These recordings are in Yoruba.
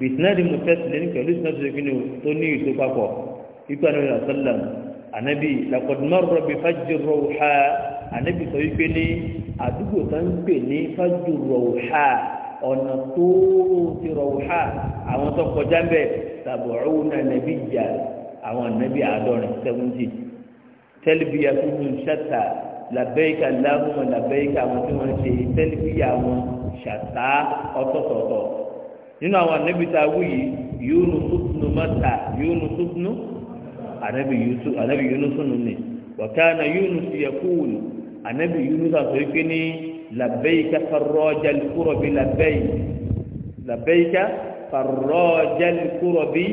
bìtìnàdì mùtẹ́sílẹ̀ ní pẹ̀lú ìsìnàdì sẹ́kìnì tó ní ìtò papọ̀ ikú àná ìlà sọ́làm ànábì làkọ̀dùmọ́rọ̀ bí fájúrọ̀ ha ànábì sọ wípé ní àdúgbò tó ń pè ní fájúrọ̀ ha ọ̀nà tó ti rọ̀ ha àwọn tó kọjá ń bẹ̀ tàbọ̀rọ̀ náà nàbí jà àwọn ànábì àádọ́rin sẹ́wọ́ntì tẹ́lifíyà tó ṣàtà làbẹ́yìká làbẹ́yìká àwọn tí wọ́n ṣe tẹ́lifíyà wọn ṣàtà ọ̀tọ̀tọ̀tọ̀ nínú àwọn ànábì tá a wú yìí yunus ibnu mata yunus ibnu ànábì yusuf ànábì yunus nù ní wàkàna yunus yakun ànábì yunus àtọ̀ yìí kíní labẹ́yìká farọ́jà kúrọ̀bì labẹ́yì labẹ́yìká farọ́jà kúrọ̀bì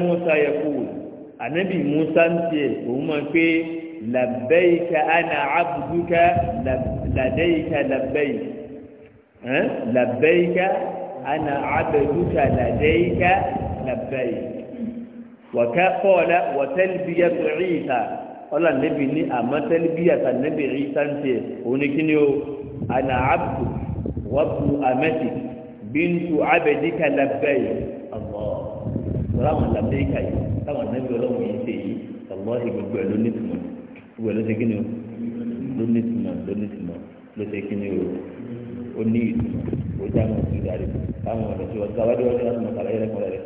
musa yakun ànábì musa ń tiẹ̀ òun máa labẹ́yìíkà ana abdúkà ladẹ́yìíkà labẹ́yìí labẹ́yìíkà ana abdúkà ladẹ́yìíkà labẹ́yìí wàkà kọ́ọ̀lá wàtẹ́lbíyà tòríta ọ̀là níbi ní àmọ́ tẹ́lbíyà tà níbi ríta ń tiẹ̀ oníkíní o ana abdu wàbù amẹ́tì bíntu abẹ́díkà labẹ́yìí ọ̀gbọ́n sọ̀rọ̀ àwọn labẹ́yìíkà yìí táwọn anábì ọlọ́run yìí ṣe yìí ọ̀gbọ́n ìgbẹ̀gbẹ̀ ló nítumọ̀ ní ìwẹ̀ ló ṣe kí ni o ló ní ìtumọ̀ ló ní ìtumọ̀ ló ṣe kí ni o ó ní ìtumọ̀ ó já mọ́ sí ìdarí táwọn ọ̀rọ̀ tí wọ́n ti sáwádìí wọ́n ti láti mọ̀ sàlàyé rẹ̀ kọ́lẹ̀ rẹ̀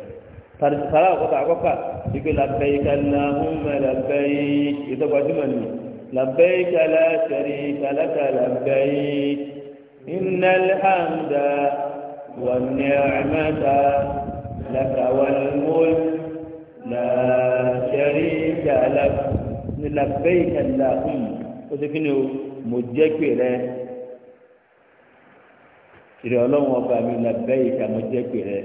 sàlàyé àkọ́kọ́ àkọ́kọ́ wípé làbẹ́yìká làhùnmẹ́ làbẹ́yìí ìtọ́gbàjúmọ̀ ni làbẹ́yìká làṣẹ̀rí kàlákà làbẹ́yìí iná lẹ́hàndà wà ní ẹ̀mẹ́ta làkàwà ní mọ́lù làṣẹ̀rí kàlákà ní labẹ́yì ẹ̀dá hùn ó ṣe kí ni o mo jẹ́ pé rẹ ìrẹ̀ ọlọ́run ọba mi labẹ́yì ká mo jẹ́ pé rẹ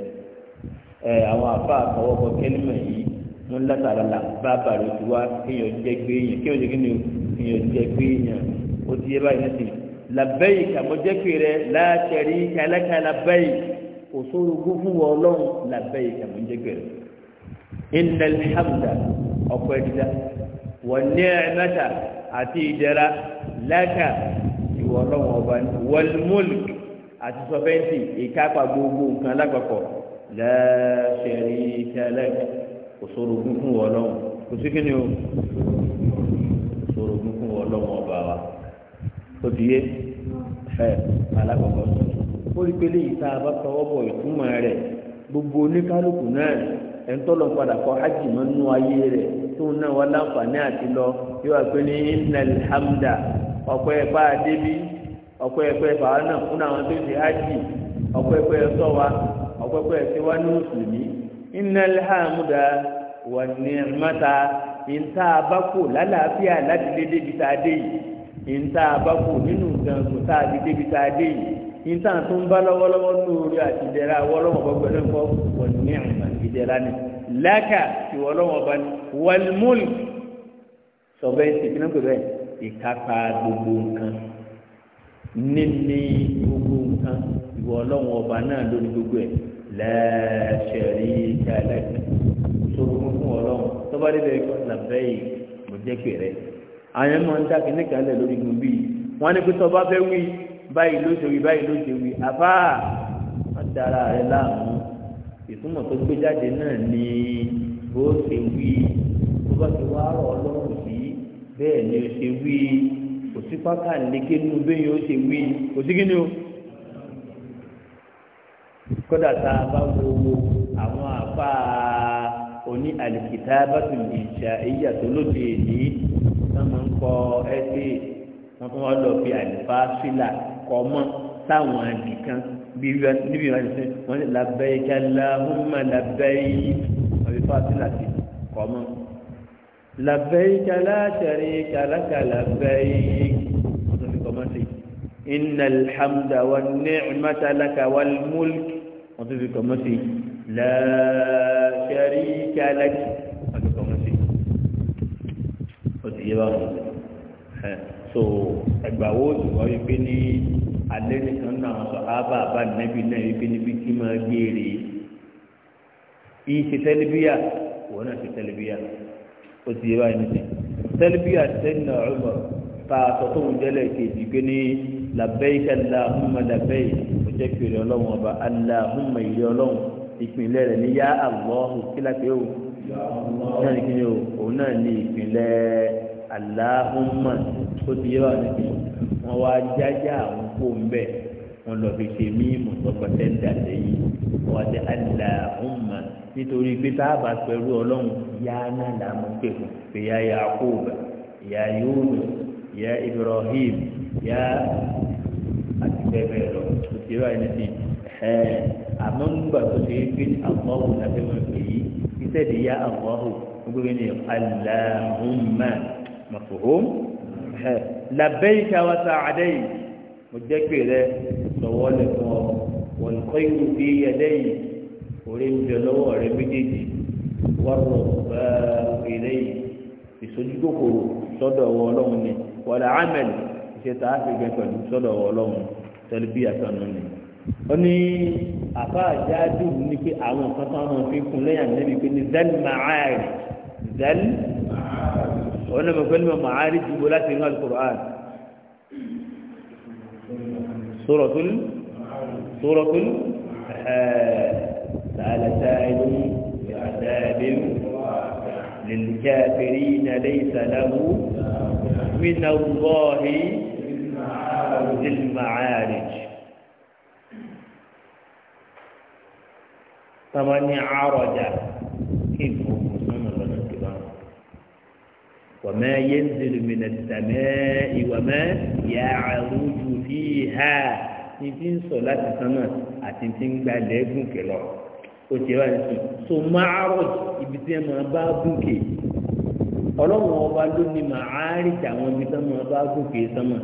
ẹ àwọn afa àtọwọ́kọ kẹ́límẹ̀ yìí mo ń látara là bá bàrẹ̀ ojú wa kéèyàn jẹ́ pé èèyàn kéèyàn jẹ́ kí ni o kéèyàn jẹ́ pé èèyàn ó ti yé báyìí nísìnyí labẹ́yì ká mo jẹ́ pé rẹ láàkẹ́rì kálẹ́ká labẹ́yì kò sóru gúgú wọ ọlọ́run labẹ́yì ká mo jẹ́ pé rẹ ìnàlẹ́ hàmdà ọ̀pọ̀ ẹ̀dídá wọ́n ní ẹ̀mẹ́ta àti ìdẹ́ra lẹ́ka ìwọ ọlọ́wọ́n ọba ní wọ́lmọ́lùk àti sọ́fẹ́ǹtì ìkápá gbogbo nǹkan lápapọ̀ lẹ́ẹ̀ṣẹ̀rí kẹlẹ́ kò sóró gúngún ọlọ́wọ́n kò sí kí ni o sóró gúngún ọlọ́wọ́n ọba wa ó ti ẹ alákọ̀ọ́kọ́ sọ ó rí pélé yìí tá a bá tọwọ́ bọ̀ ìtumọ̀ rẹ̀ gbogbo oníkálukú náà ẹ̀ ń tọ́lọ̀ padà kọ́ ájì mọ́nú ayé rẹ̀ tóun náà wọ́n láǹfààní àti lọ yóò wá pé ní hamda ọ̀pẹ́ ẹ̀pá débí ọ̀pẹ́ ẹ̀pẹ́ fàá náà fún àwọn tó ti ájì ọ̀pẹ́ ẹ̀pẹ́ sọ wa ọ̀pẹ́ ya ti wá ní mùsùlùmí innal hamda wà ní mẹ́ta ìta abákò lálàáfíà láti lé débi tá a dé yìí ìta nínú gàngùn tá a débi tá a dé yìí ìta tó ń bá lọ́wọ́lọ́wọ́ laka ìwọ ọlọ́wọ́ ọba ni wàlmúlì sọ̀bẹ́ ìsìnkú náà pẹ̀lú ẹ̀ ìkápá gbogbo nǹkan níní gbogbo nǹkan ìwọ ọlọ́wọ́ ọba náà lórí gbogbo ẹ̀ lẹ́ẹ̀ṣẹ̀rí kálẹ̀kẹ̀ sọ́kùn fún ọlọ́run tọ́ba débẹ̀ kọ́ làbẹ́ yìí mo jẹ́ pé rẹ̀ àwọn ń dákẹ́ ní kálẹ̀ lórí gbogbo yìí wọ́n ní pé tọ́ba fẹ́ wí báyìí ló ṣe wí báyìí ló ṣe wí àfáà wọ́n dara rẹ̀ láàmú ìtumọ̀ tó gbé jáde náà ni bó ṣe wí bó bá ti wá ọlọ́run bẹ́ẹ̀ ni ó ṣe wí kò sí pákà lékè nínú bẹ́yìn ó ṣe wí kò sí kíni o. kódà tá a bá wo àwọn àpá oní àlìkìtà bàtù ìṣà èyí kọ sáwọn nìkan níbi ìwà ìsìn wọn ní labẹ́ labẹ́yìká láhùnmá labẹ́yì ọ̀bí fásitì láti kọ́ mọ́ labẹ́ labẹ́yìká látẹ̀rí kàlákà wọ́n ọ̀bí kọ́ mọ́ sí iná alḥamdu wa ní alákà wà múlùkì ọ̀bí kọ́ mọ́ sí látẹ̀rí kàlákì ọ̀bí kọ́ mọ́ sí ọ̀bí yẹ bá wọn so ẹgbàá wo ìwà pé ní. alẹ́ nìkan náà àwọn sọ̀hábà bá nẹ́bí náà ibi níbi tí máa gbére yìí ṣe tẹ́lifíà òun náà ṣe tẹ́lifíà ó ti yẹ báyìí nìkan tẹ́lifíà sẹ́yìn ọ̀rọ̀ ta sọ́tò ń jẹ́lẹ̀ kejì pé ní làbẹ́yìká làhùnmá làbẹ́yì ó jẹ́ pèrè ọlọ́run ọba aláhùnmá ìrẹ́ ọlọ́run ìpínlẹ̀ rẹ̀ ní yá àlọ́ òkìlá náà ní kí aláhùnmọ̀ tó ti yé wà níbi wọn wá jájá àwọn kó ń bẹ̀ wọn lọ fi ṣe mímù tọpẹtẹ ń dà lẹ́yìn wọn wá sí aláhùnmọ̀ nítorí pé tá a bá pẹ̀lú ọlọ́run yá náà là mú pé kò pé yá yá kó bẹ̀ yá yóò lò ibrahim yá àti bẹ́ẹ̀ bẹ́ẹ̀ lọ tó ti yé wà níbi àmọ́ nígbà tó ṣe pé àwọn ọ̀hún àti wọn pè yí iṣẹ́ ìdíyà àwọn ọ̀hún gbogbo ní aláhùnmọ̀ mafhum ẹ labbaika wa sa'adayk mo jẹ́ pé rẹ lọ́wọ́ lè fún ọ wal khayru fi yadayk orí ń bẹ lọ́wọ́ rẹ méjèèjì wàrọ̀ ilé ìsojúkòkòrò sọ́dọ̀ ọwọ́ ọlọ́run ni wàlá amẹ́lì ìṣètò àfẹ́gbẹ́ pẹ̀lú sọ́dọ̀ ọwọ́ ọlọ́run tẹlifí àtọ̀nù ni. ó ní àbájá dùn ní pé àwọn nǹkan tó àwọn fi kún lẹ́yìn ànábì pé ní zẹ́lì máa rẹ̀ zẹ́lì وإنما كلمة معارج يقول لها القرآن سورة سورة سأل سائل بعذاب للكافرين ليس له من الله ذي المعارج ثمانية عرجة وما ينزل من السماء وما يعرج فيها tìǹtì ń sọ láti sánmà àti tìǹtì ń gba lẹ́gùn kẹlọ ó ti wá sí so máàrọ̀ ibi tí ẹ máa bá gòkè ọlọ́run ọba ló ní màárì táwọn ibi tí ẹ máa bá gòkè sánmà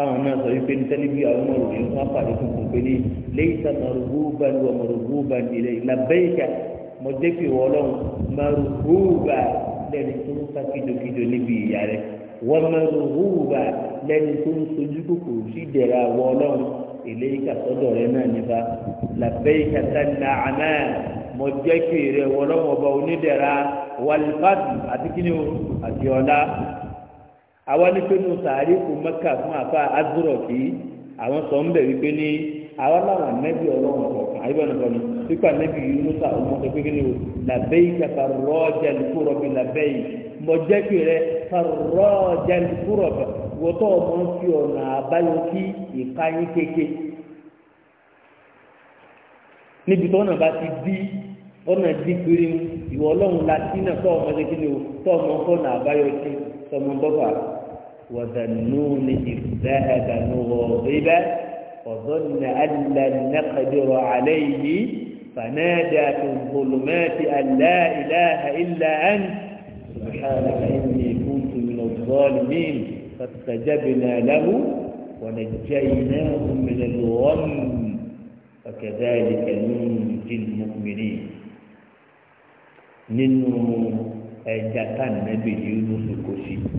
táwọn náà sọ wípé ní tẹ́lifí àwọn ọmọ òròyìn wọn pàdé tuntun pé ní lẹ́yìn tá mọ̀rùbúùbà ni wọ́n mọ̀rùbúùbà ni ilẹ̀ ìlàbẹ́yìká mọ̀jẹ́pì wọ́ọ́lọ́n mọ̀rùbúùbà lẹ́ni tó ń sá kíjokíjo níbi ìyá rẹ̀ wọ́n mọ̀rùbúùbà lẹ́ni tó ń sojú kòkò sí ìdẹ̀ra wọ́ọ́lọ́n ìlẹ́yìká sọ́dọ̀ rẹ̀ náà nípa làbẹ́yìká sẹ́ńdà àná mọ̀jẹ́pì rẹ̀ wọ́ọ́lọ́n àwa ní pé nù sàárì kò mẹ́kà fún àfa a sí àwọn sọ ń bẹ̀ wípé ní àwa anẹ́bí ọlọ́run kọ̀ọ̀kan ni pípa anẹ́bí yìí musa ọmọ sọ pé ni o làbẹ́yì kàtà rọ́ọ̀jà lùkúrọ̀ bí làbẹ́yì mọ̀jẹ́kì rẹ kàrọ́ọ̀jà lùkúrọ̀ bẹ̀ wọ́tọ̀ ọmọ fi ọ̀nà àbáyọ sí ìkáyín kéke níbi tó ọ̀nà bá ti ọ̀nà kiri ìwọ ọlọ́run náà tọ́ ọmọ kí ni o tọ́ ọmọ fọ́nà وذنون إذ ذهب مغاضبا وظن أن لن نقدر عليه فنادى في الظلمات أن لا إله إلا أنت سبحانك إني كنت من الظالمين فاستجبنا له ونجيناه من الغم وكذلك ننجي المؤمنين ninu ẹja tá nàbẹ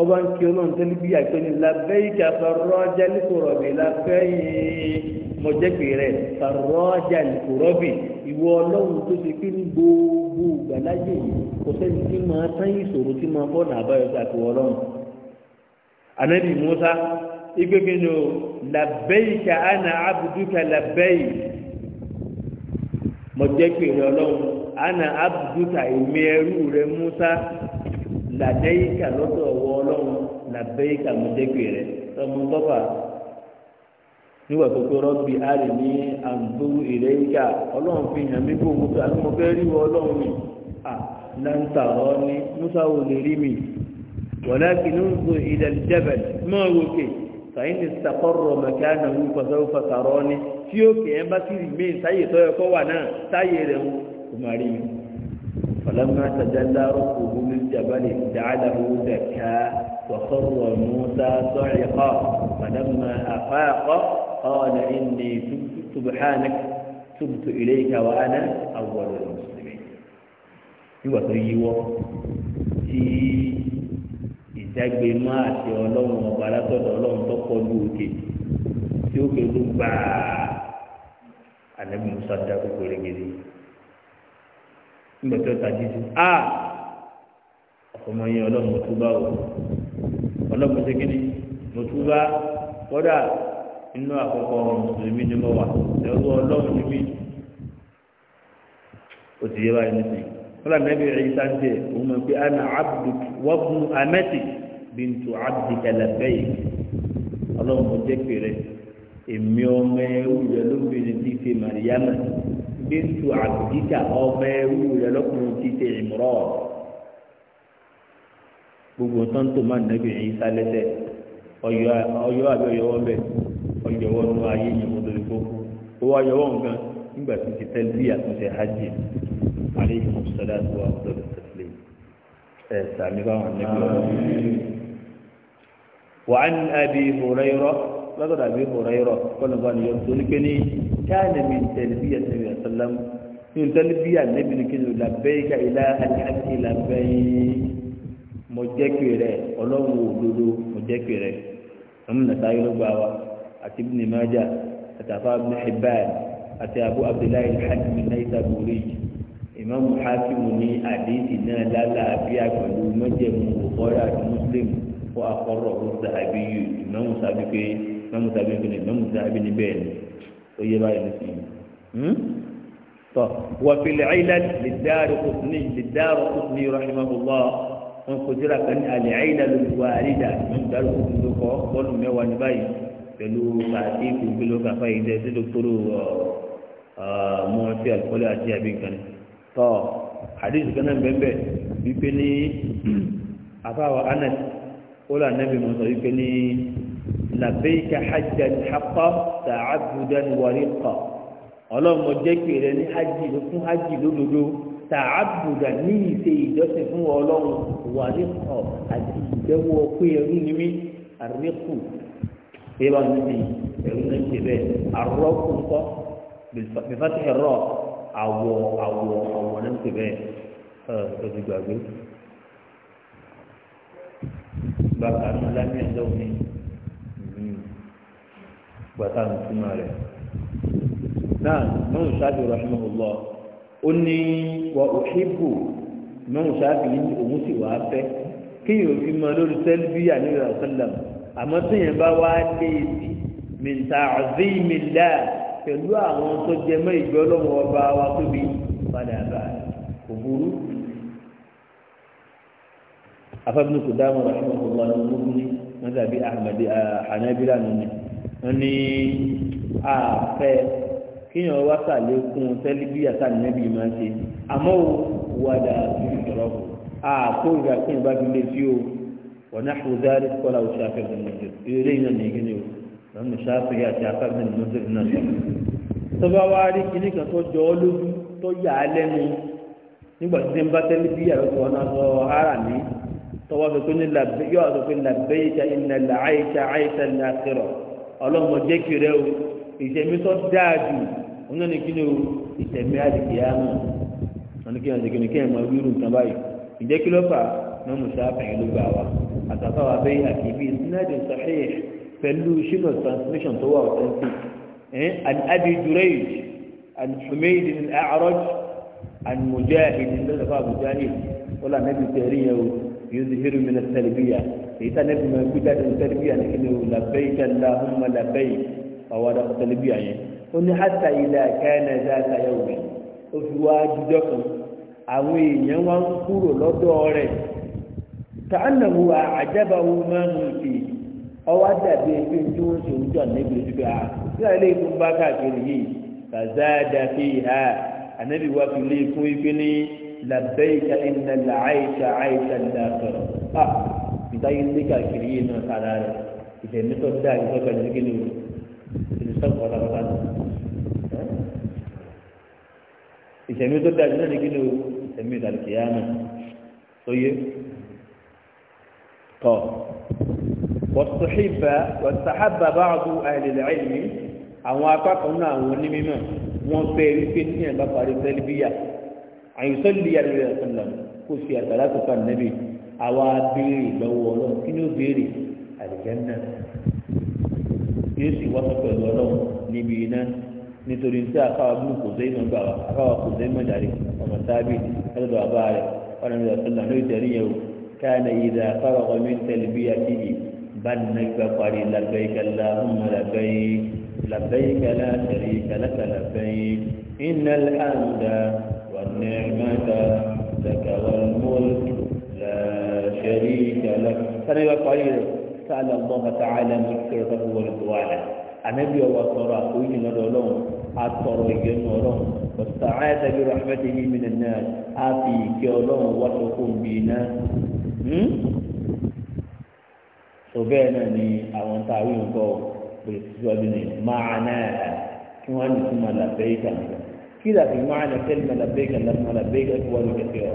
ọba ń kí ọlọ́run tẹ́lẹ̀ bí àgbẹ̀ ní labẹ́ ìjà farọ́jà nìkòrọ̀bì labẹ́ yìí mọ̀jẹ́pì rẹ̀ farọ́jà nìkòrọ̀bì ìwọ ọlọ́run tó ṣe pé ní gbogbo gbàlájẹ yìí kò sẹ́ni tí máa tán ìṣòro tí máa bọ́ọ̀nà àbáyọ sí àtiwọ́ ọlọ́run. anabi musa igbege ni o ìjà ana abuduka labẹ́ yìí mọ̀jẹ́pì rẹ̀ ọlọ́run ana abuduka ìmẹ̀rù rẹ̀ musa làdẹ́yìkà lọ́dọ̀ ọwọ́ ọlọ́run làbẹ́yìkà mọ̀jẹ́gbè rẹ̀ tọmọ tọ́fà nígbà tó pé rọ́bì àlè ní àǹdúró ìrẹ́yìkà ọlọ́run fi hàn mí kó mo fẹ́ àti mo fẹ́ rí wọ ọlọ́run mi à láǹtà ọ ní musa ò lè rí mi wọlé kìnnú gbò ilẹ̀ jẹ́bẹ̀ mọ́ òkè fàyín ní sàkọ́rọ̀ mẹ̀kánà wù fàṣẹ́wò fàṣàrọ́ ní tí ó kè é bá sì rí mi sáyè tọ́yọ̀ kọ́ wà náà sáyè rẹ̀ ń kò má فلما تجلى ربه للجبل جعله دكا وخر موسى صعقا فلما أفاق قال إني تبت سبحانك تبت إليك وأنا أول المسلمين يوطيوا في máa ṣe ọlọ́run ọba látọ̀dọ̀ ọlọ́run tó òkè tí ó kéde gbàá àlẹ́ musa ńgbẹ̀tọ́ tàjíjú a ọmọ yẹn ọlọ́run mọ̀túbá o ọlọ́run ṣe kí ni mọ̀túbá kọ́dà inú àkọ́kọ́ mùsùlùmí ni mo wà lọ́wọ́ ọlọ́run níbí o ti yé báyìí nísìnyí kọ́dà nẹ́bí ẹ̀yíṣà ń tẹ̀ òun mọ̀ pé ana abdul wọ́pùn amẹ́tì bíntu abdul kẹlẹ́fẹ́yì ọlọ́run mo jẹ́ pèrè èmi ọmọ ẹrú rẹ lóbìnrin tí ì bíntu àbùdíkà ọmọ ẹrú rẹ lọkùnrin ti ṣe ìmúrọ gbogbo tán tó máa nàbí ẹyin sálẹsẹ ọyọ àbí ọyọwọ bẹ ọyọwọ nù ayé yìí mo lórí gbogbo owó ayọwọ nǹkan nígbà tó ti tẹlifí àtúnṣe hajj aleyhi musala tó wà lórí tẹsílẹ ẹ sàmì báwọn nàbí ọyọ. وعن أبي هريرة lọ́dọ̀dà bí ọ̀rẹ́rọ̀ kọ́nùbá ni yọ torí pé ní káàlẹ́mì tẹ̀lifíyà sẹ́mi àsálám ní tẹ̀lifíyà níbi ní kíni làbẹ́yìká ilá àti làbẹ́yì mọ̀jẹ́kì rẹ̀ ọlọ́run òdodo mọ̀jẹ́kì rẹ̀ ọmọ nàta yóò gbà wá àti bí nìmájà àtàfà bí hibban àti abu abdullahi alhakim naita buri imam hakimu ní àdéhìí náà lálàáfíà pẹ̀lú mọ́jẹ̀mú ọ̀rẹ́ àti mùsùlùmí fún akọ́rọ̀ ọ̀hún sàbíyù ìmọ̀ sàbí pé mẹ́mú sábẹ́ fún mi mẹ́mú sábẹ́ ní bẹ́ẹ̀ ni ó yé báyìí nísìnyí. Hmm? tọ́ wàfíìlì ayílá lè dáàrú kùsùnì lè dáàrú kùsùnì rahimahulọ́ wọn kò síra kan ní alẹ́ ayílá ló wà àrídà mẹ́mú dáàrú kùsùnì ló kọ́ bọ́ọ̀lù mẹ́wàá ní báyìí pẹ̀lú pàtí ìgbìló kàfá yìí dẹ́ sí dókítọ́rù mọ́tí àlùkọ́lẹ́ àti àbíkan tọ́ àdéhùn kan náà bẹ́ẹ̀ bẹ́ẹ̀ wípé ní afáwọ̀ anas ó lọ ànábì mọ́tò wípé ní làbẹ́yìká hajjá ní تعبدا tààbùdá ní wàríkà ọlọ́mọ jẹ́ pé rẹ ní hajj fún hajj lódodo tààbùdá ní ìṣe ìjọsìn fún ọlọ́run wàríkà àti ìjẹ́wọ́ pé ẹrú ni mí àríkù eba níbi ẹrú náà ṣe bẹ́ẹ̀ arọ́kù ńkọ́ bífàtí ẹ̀rọ àwọ̀ àwọ̀ àwọ̀ náà ṣe bẹ́ẹ̀ ẹ̀ ẹ̀ gbàgbé. bàbá mi lámì ẹ̀dọ́ mi gbàtà nìtúmọ̀ rẹ̀ náà mọ́n sábì rahimahullah ó ní wà òṣèbù mọ́n sábì ní òun sì wàá fẹ́ kéèyàn ò fi mọ lórí sẹ́lbíyà ní ìrọ̀ sẹ́lẹ̀m àmọ́ téèyàn bá wá lé èsì mìǹtà àzí ìmìlá pẹ̀lú àwọn tó jẹ mọ́ ìgbẹ́ ọlọ́run ọba wa tóbi padà bá kò burú. afẹ́bùnú kò dáhùn rahimahullah ní ọmọ mi wọ́n dàbí ahmed hanabila nínú wọn ní àfẹ kéèyàn wá sàlékún tẹlifí àtàlẹ́bí máa ṣe àmọ́ ò wàdà fífi sọ̀rọ̀ kù àpò ìgbà kí n bá fi lè fi o wọn náà kò dárí kọ́lá oṣù àfẹ́fẹ́ mọ́tò eré iná nìyí ni o wọn mú sáfì àti àfẹ́fẹ́ mọ́tò náà sọ. tọ́ba wa rí kinní kan tó jọ ọ́ lójú tó yà á lẹ́nu nígbà tí ń bá tẹlifí àlọ́kọ̀ náà sọ ara mi tọ́wọ́ sọ pé ní làbẹ́ yóò sọ pé ta àyíta ní ọlọ́mọ jẹ́ kí rẹ o ìṣẹ̀mí tó dáa jù ọ̀nà ni kí ni o ìṣẹ̀mí àdìgbìyà mọ̀ wọn ni kí ni kí ni kí ni máa wíru nǹkan báyìí ìjẹ́ kí ló fà mọ́ musa fẹ̀yìn ló gbà wá àtàkọ́ wa bẹ́ẹ̀ àkìbí sinadi sahih pẹ̀lú shino transmission tó wà authentic ẹ̀ àdìbí jureyj àdìfúmẹ́yìdì ní àárọ̀j àdìmọ̀jẹ́ àdìdì lọ́sọ̀fà àbújá yìí wọ́n làmẹ́bí èyí tá nẹ́bí máa gbé jáde ní tẹ́lifíà ní kíni o làbẹ́yì kẹ́lá ọmọ làbẹ́yì ọ̀wọ́ adakọ̀ tẹ́lifíà yẹn ó ní hàtà ilẹ̀ kẹ́ẹ̀nà dáadáa yẹ wò ó fi wá jíjọ́ kan àwọn èèyàn wá ń kúrò lọ́dọ̀ rẹ̀ tàànàwó àjábáwó máa ń fi ọwọ́ dàbí ebi tí wọ́n ṣe ń jọ níbi ìdúgbò à sí àlẹ́ ìkún bá káàkiri yìí kàzáàdà fi hà ànábì wá fi lé ikún ìpínlẹ̀ làbẹ́yì kẹ́lá ìnà làáyíṣà àyíṣà làkọ̀ọ́ ìdáyé ní káàkiri yìí náà kára rẹ̀ ìdẹ̀mí tó dáa ìtọ́ pẹ̀lú gíní o ìdí sọ́kù ọ̀dàkọ́tà nù. ìsẹ̀mí tó dáa ìtọ́ gíní o ìsẹ̀mí ìdàlùkìyà náà tó yé tọ̀. wàtúhìbà wàtúhàbà báàbù àìlèlèlèmí àwọn akọ́kọ̀ọ́ náà àwọn onímọ̀ wọn fẹ́ wípé níyàn bá parí tẹ́lifíyà àyùsọ́lì yàrá rẹ̀ kó fi àtàlà tó fa nàbì àwa béèrè lọ́wọ́ ọlọ́run kí o béèrè àlìjẹ́nà yóò sì wá sọ pẹ̀lú ọlọ́run níbi iná nítorí tí àkàwà bí kò sẹ́yìn mọ́ gbà wá àkàwà kò sẹ́yìn mọ́ dàrí ọmọ tábì ẹlẹ́dọ̀ àbá rẹ̀ ọ̀nà ìgbà tó lànà ìtẹ̀rí yẹn o káàna ìdá àkàwà ọmọ ìtẹ̀lẹ̀ bí akíyì bá nínú ìgbà parí làbẹ́yìká làhùnmá làbẹ́yìká látẹ̀rí kàlákà làbẹ́yìn iná àǹdà wà ní ẹ̀mẹ́ta lẹ́kà wà ní شريك له سنة قليلة سأل الله تعالى مغفرته ورضوانه النبي وصرى كل ندلون أترى ينورون واستعاذ برحمته من الناس أبي كيولون وتقوم بنا sọbẹ́ẹ̀ náà ni àwọn tá a wí nǹkan pèsè síwájú ni máa náà kí wọ́n á ní sí máa làbẹ́ ìgbà nǹkan kí làbẹ́ máa náà kẹ́lí máa làbẹ́ ìgbà làbẹ́ ìgbà tí wọ́n lè kẹ́kẹ́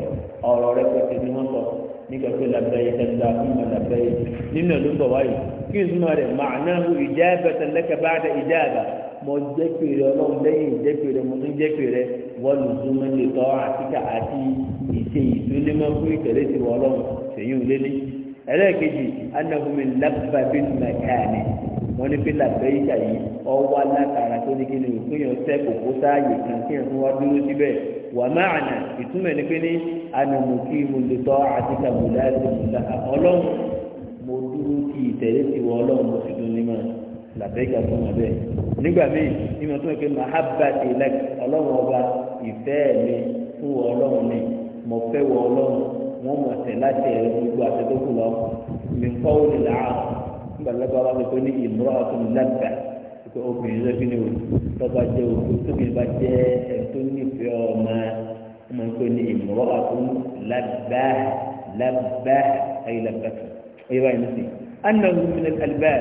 ọ̀rọ̀ rẹ̀ pẹ̀sẹ̀ ni wọ́n sọ nígbà pé labẹ́yẹ tẹ́lá fún mi labẹ́yẹ nínú ló ń bọ̀ wáyé kí n súnmọ́ rẹ̀ màánà ìjáàbẹ̀ tẹ̀lẹ́kẹ̀ bá dẹ̀ ìjáàbẹ̀ mọ jẹ́pẹ̀rẹ̀ ọlọ́run lẹ́yìn jẹ́pẹ̀rẹ̀ mo tún jẹ́pẹ̀rẹ̀ wọ́n súnmọ́ lè tọ́ àtìkà àti ìṣe ìsúnlẹ́mọ́ fún ìtẹ̀lé ti wọ ọlọ́run ṣèyún lélẹ́ ẹlẹ́ẹ̀kejì anahumi lababi mẹkaani wọ́n ní pé labẹ́yẹ wà máàna ìtumọ̀ ní pé ní anamukí mo lè tọ́ àti kàbùlá ìdìbòlá ọlọ́run mo dúró kí ìtẹ̀lé ti wọ ọlọ́run mo sì dún ní máa làbẹ́gà fún wọn bẹ́ẹ̀ nígbà míì ní mo tún pé mahaba ti lẹ ọlọ́run ọba ìfẹ́ mi fún ọlọ́run ni mo fẹ́ wọ ọlọ́run wọn mọ̀ tẹ̀ láti ẹ̀rọ gbogbo àtẹ́tọ́kù lọ mi kọ́ òní nígbà lọ́gbà wa pé ní ìmúra ọ̀tún lágbàá pé obìnrin lọ́bí ni o tọ́ba jẹ́ o tóbi bá jẹ́ ẹ̀tọ́ nífẹ̀ẹ́ ọmọ ọmọ pé ní ìmọ̀rọ̀ àtún lábá lábá ayé lábá tó ayé báyìí ní sè anna wumina alibaa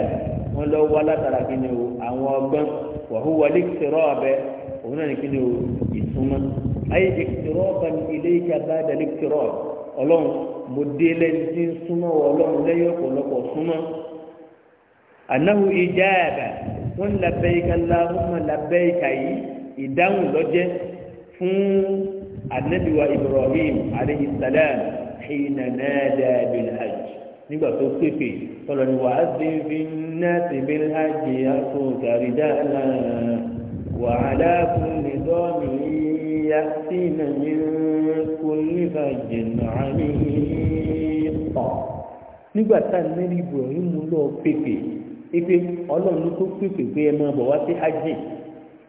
wọn lọ wá látara kí ni o àwọn ọgbọn wàhùwà lẹkìtìrọ abẹ òun náà ní kí ni o ìtumọ ayé lẹkìtìrọ ọba ní ilé ìjàmbá dà lẹkìtìrọ ọlọrun mo dé lẹni tí ń súnmọ ọlọrun lẹyìn ọpọlọpọ súnmọ anahu ìjáàbà wọ́n ní labẹ́yìká láhùnmá labẹ́yìká yìí ìdáhùn lọ́jẹ́ fún anabiwa ibrahim aleyhi salam xìnnà náà dàbí hajj nígbà tó pépè tọ́lọ̀ ni wà á ti fi náà ti bí hajj àtò wà á dákun ní dọ́ọ̀mì yá sí nàìjíríà kò ní bàjẹ́ náà ní nígbà tá a nílí ibrahim lọ pépè ipe ọlọ́run ló tó pèpè pé ẹ máa bọ̀ wá sí hajj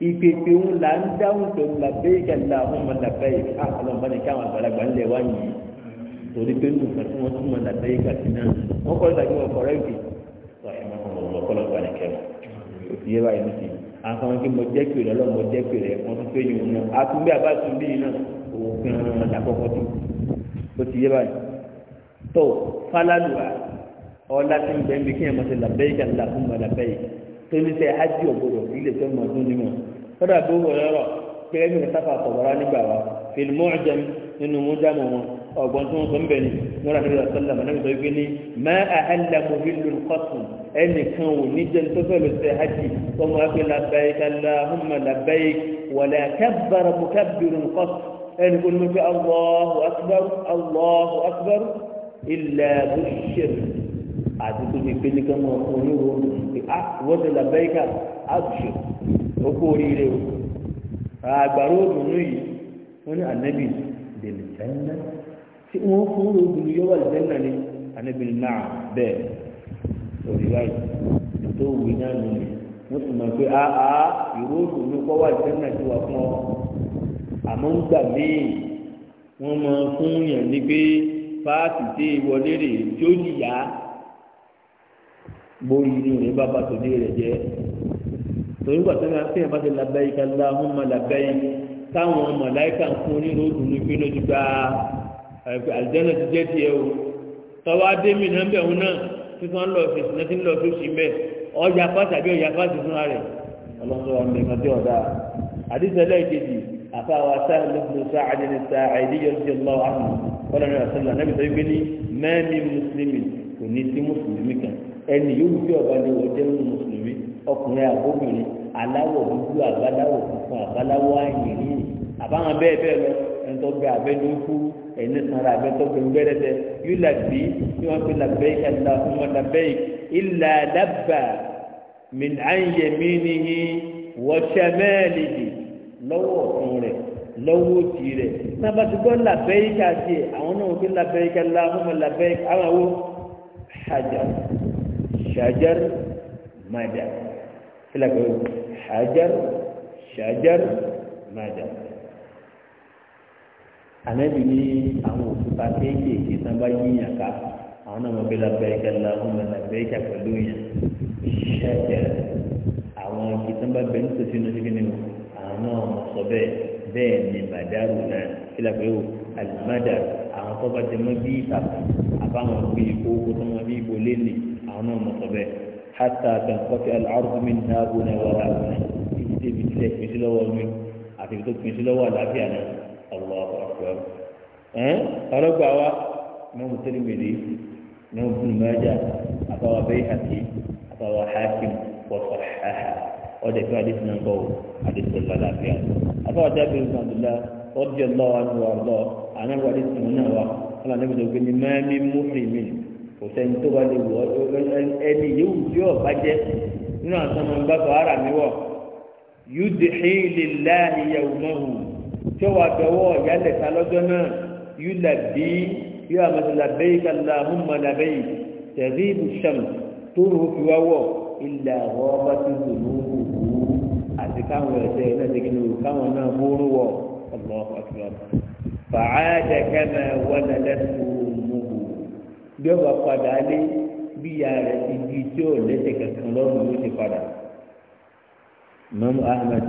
ipe pé òun là ń dáhùn pẹ̀lú làbẹ́yì kẹlẹ́ àwọn ọmọ làbẹ́yì àkọlọ́mọ ní káwọn àgbàlagbà ńlẹ̀ wá yìí torí pé nù kan tí wọ́n tún mọ làbẹ́yì kàtí náà wọ́n kọ́ ìdájọ́ wọn kọ́ rẹ́ǹkì àwọn kí mo jẹ́ pé lọ́lọ́ mo jẹ́ pé rẹ̀ wọ́n tún fẹ́ yìí náà àtúndé àbátúndé yìí náà òun kan àdàkọ́kọ́ tó o ti yé báyìí tó fálálùwà ọlá tí ń bẹ níbi kí ẹ máa ṣe làbẹ́yì kan làkún máa làbẹ́yì torí sẹ ájí ògbòdò ilé tó máa dún nímọ̀ kódà bó wọ lọ́rọ̀ kẹ́kẹ́ mi sáfà sọ̀rọ̀ nígbà wa fìlímù ọ̀jẹ̀m nínú mújàmù wọn ọ̀gbọ́n tó ń sọ níbẹ̀ ni nọ́ra níbi ọ̀sọ́lá mọ̀ níbi tó gbé ní má àhálà mo fi lù kọ́sùn ẹnìkan ò ní jẹun tó fẹ́ lọ sẹ ájí ọmọ ẹgbẹ́ làbẹ́yì kan làhùnmá làbẹ́yì wọ̀lẹ̀ kábàrà mo kábìrì kọ́sùn ẹnì kò ní mo allahu akbar allahu akbar ilẹ̀ bó ṣe rẹ̀ àti tó ti pé nígbà mọ onírò pé ah, a wọ́n ti làbẹ́ríkà àbùṣe ó kó oríire o àgbàrá òdùnnú yìí wọ́n ní ànábì dèlè jẹ́nà tí wọ́n fún òdùnnú yọ́wọ́ àlùjẹ́nà ni ànábì náà bẹ́ẹ̀ lórí báyìí tó wù náà nìyẹn wọ́n sì mọ̀ pé a a ìró òdùnnú kọ́ wà àlùjẹ́nà ti wà fún ọ àmọ́ ń gbà míì wọ́n mọ fún yàn ní pé fáàtì tí ìwọlé rè tí ó borí ní òní bàbá tó dé rẹ̀ jẹ́ torí gbà tó ń fi hàn bá ti labẹ́yì ká láhùn má labẹ́yì táwọn mọ̀láìkà ń fún onírò òdùnnú pé lójú gba àlùjáná ti jẹ́ tiẹ̀ o tọ́wọ́ adémi náà bẹ̀ wọn náà fífọ́n lọ fi sinẹ́ tí ń lọ fi sí mẹ́ ọjà pàṣẹ àbí ọjà pàṣẹ fúnra rẹ̀ ọlọ́sọ wa mẹ́ta tí ọ̀dà àdìsẹ́lẹ̀ kejì àfàwà sáà lóṣù sáà àdìsẹ́ sáà ẹni yóò fi ọba ní wọ́n jẹ́ mùsùlùmí ọkùnrin àbóbìnrin aláwọ̀ dúdú àbáláwọ̀ funfun àbáláwọ̀ àyìnrí àbáwọn bẹ́ẹ̀ bẹ́ẹ̀ lọ ẹnitọ́ gbé abẹ́ni kú ẹni sanra abẹ́tọ́ gbé gbẹ́rẹ́dẹ́ yóò làbí yóò wọn fi làbẹ́ ìkàlà fún wọn làbẹ́ ìlà dábà mìláyẹmí nìyí wọ́ṣẹ́mẹ́ẹ̀lì lọ́wọ́ ọ̀tún rẹ̀ lọ́wọ́ òtì rẹ̀ nàbà tí gbọ́ làbẹ́ ìkà tiẹ̀ àwọn náà wọn fi làbẹ́ ìkàlà fún wọn làbẹ́ àwọn àwọ̀ ṣàjà ṣáájár máàdà sílẹ̀ pé ṣáájár ṣáájár máàdà àmẹ́bí ní àwọn òkúta kéékèèké tán bá yíyàn ká àwọn náà wọ́n fi lábẹ́ ìkà làwọn lábẹ́ ìkà pẹ̀lú yẹn ṣáájár àwọn òkè tán bá bẹ nítòsí ní ni màdàrú náà sílẹ̀ al Madar. àlùmádà àwọn tó bá jẹ mọ́ bí ìtàkùn àbáwọn bí ìkó owó tó mọ́ bí àwọn náà mọ̀ sọ bẹ́ẹ̀ hátà tẹ̀kọ́tì aláàrùn mi náà bó náà wà láàbùnà ibi tí ibi tilẹ̀ pín sí lọ́wọ́ mi àti ibi tó pín sí lọ́wọ́ àlàáfíà náà ọ̀rọ̀ ọ̀rọ̀ ẹ̀ ọlọ́gbà wa mọ̀mú tẹ́lẹ̀ mẹ́lẹ́ mọ̀mú bùnú mẹ́jà àtàwọn abẹ́yẹ àti àtàwọn hákìm wọ́pọ̀ háhà ọ̀dẹ̀ fún adé sinà bọ̀ adé sọ̀rọ̀ àlàáfíà àtàwọn jábìrì sàdúlá ọ̀dẹ̀ lọ́wọ́ àti wàlọ́ àná wàlẹ́ sìnwó náà wà ọ̀là níbi tó gbé ní kò sẹ́ni tó bá lè wọ ẹni yóò tí ò bá jẹ́ nínú àwọn ọmọ ìgbà ara mi wọ̀ yúdìhí lèlá ìyàwó mọ́hù tí ó wà dọ́wọ́ ìyálẹ̀ ta lọ́jọ́ náà yúlà bí yóò àmọ́tò làbẹ́yì kàlà húnmọ́ làbẹ́yì tẹ̀rí ibùsàm tó rò fi wá wọ̀ ilà àwọn ọba tó lò ní òkú àti káwọn ẹ̀sẹ̀ náà ti kìlọ̀ káwọn náà mórú wọ̀ ọ̀gbọ́n bí ọba padà lé bí ya rẹ igi tí ò lẹsẹ kankan lọrùn ló ti padà mọmú ahmed